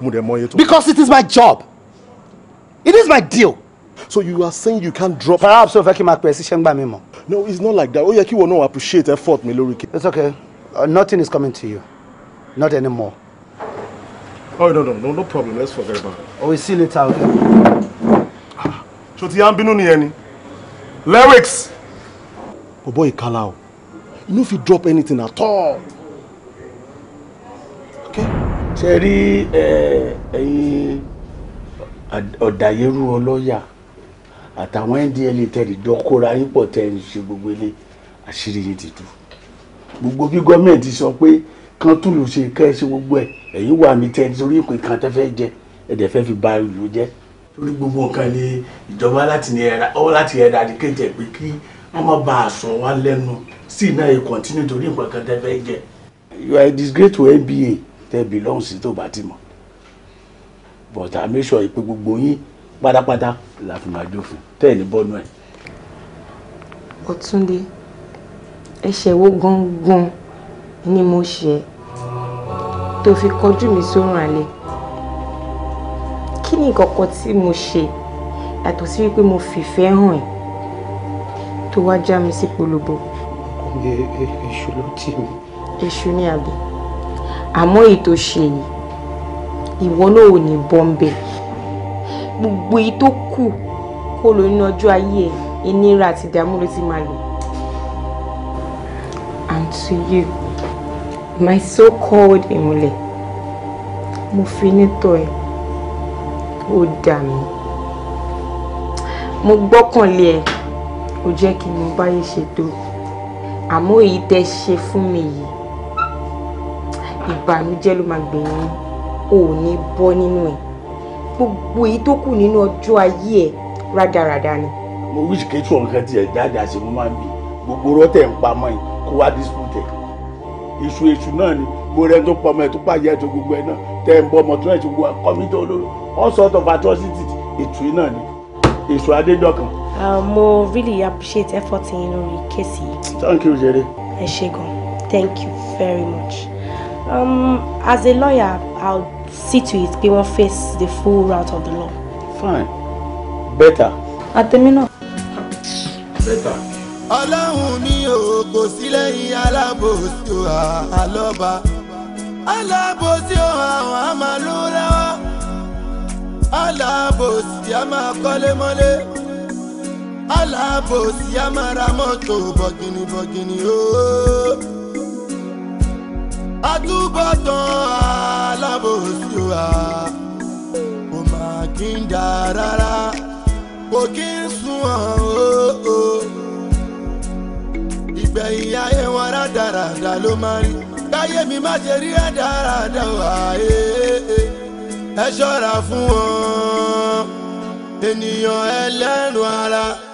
mo dẹ̀ mọ iye tó. Because it is my job it is my deal so you are saying you can't drop. perhaps o fẹ́ kí n máa pẹ̀ síṣẹ́ ń gbà mí mọ́. no it's not like that ó yẹ kí wọn náà appreciate effort mi lórí it's okay uh, nothing is coming to you not anymore. oh no no no no problem let's forget about it. oh we see later okay. so ti Binu bínú nìyẹn ni lyrics. Oh, bobo ikala o you no fit drop anything at all. okay. ṣe rí eh, ẹ̀yin ọ̀dàyẹrú ọlọ́yà. Okay àtàwọn ndla e tẹ̀lé dọ́kọ́ra yín pọ̀ tẹ́ ń ṣe gbogbo ilé àṣírí yín ti tú gbogbo bí gọ́ọ̀mẹ̀ntì sọ pé kan tún lù ṣe kẹ́ ẹ ṣe gbogbo ẹ̀ ẹ̀yin wà mí tẹ́ nítorí ìpín kan tẹ́ fẹ́ jẹ ẹ̀dẹ̀ fẹ́ fi ba ìlú jẹ́. torí gbogbo nǹkan ni ìjọba láti ní ẹ̀rá ọwọ́ láti ẹ̀rá ní kéjẹ pé kí wọ́n má bàa sọ wá lẹ́nu sí iná yìí kọ̀ntínú torí ìpín kan tẹ́ fẹ́ jẹ. you are a disgrace to NBA tẹ́ belong sí tó bá but I make sure ìpè gbogbo yín pátápátá la fi máa jófin tẹ́ ẹ̀ ní bọ́nú ẹ̀. Ọ̀túnlé ẹ̀ṣẹ̀ wo gangan ni mo ṣe tó fi kọjú mi sórun àlè kí ni kọ̀kọ́ tí mo ṣe yàtọ̀ sí wípé mo fìfẹ́ hàn ẹ́ tó wá já mi sí polówó. E, e, èṣù ló tì mí. èṣù ni àbí àmọ́ èyí tó ṣe yìí ìwọ náà ò ní bọ́ gbogbo èyí tó kù kó lò nínú ọjọ́ ayé ẹ̀ ìnira àti ìdààmú ló ti máa lò. and to you my so-called ìmùlẹ̀ mo fi nítọ̀ ẹ̀ ó dà mí mo gbọ́kànlé ẹ̀ ó jẹ́ kí n mọ báyé ṣètò àmọ́ èyí tẹ́ ṣe fún mi yìí ìbànújẹ́ ló máa gbẹ̀yìn ò ní bọ́ nínú ẹ̀ gbogbo èyí tó kù nínú ọjọ́ ayé ẹ̀ rádaràda ni. mo wíṣì kéjù ọ̀nkan tiẹ̀ dáadáa ṣe mo máa ń bì gbogbo rọ́tẹ̀ ń pamọ́ yìí kó wá dísítútẹ̀ èṣù èṣù náà ni mo rẹ tó pamọ́ ẹ̀ tó pàyẹ́ tó gbogbo ẹ̀ náà tẹ̀ ń bọ́ ọmọ tó náà ti wọ kọ́mítì olóró all sort of atrocity ètò yìí náà ni èṣù adéjọkan. mo really appreciate effort yín lórí kéèsì yìí. thank you Jerry. ẹ ṣé gan thank you very much um, as a lawyer i'll see to it pé wọ́n face the full route of the law. fine better. àtẹ̀mí náà. better. ọlọ́run ni o kò sí lẹ́yìn alábòsí o àlọ́ba alábòsí o àwọn àmàlúra alábòsí a máa kọ́lé mọ́lé alábòsí a máa ra mọ́tò bọ̀gìnìbọ̀gìnì o. Oh àtúbọ̀tán alábòsí wa kò má kí n jà rárá kò kí n sunwọ̀n o. ìgbẹ̀yìn ayé wọn rádaràda ló máa rí káyé mi má ṣe rí rádaràda wà ẹ ṣọ́ra fún wọn ènìyàn ẹlẹ́nu ara.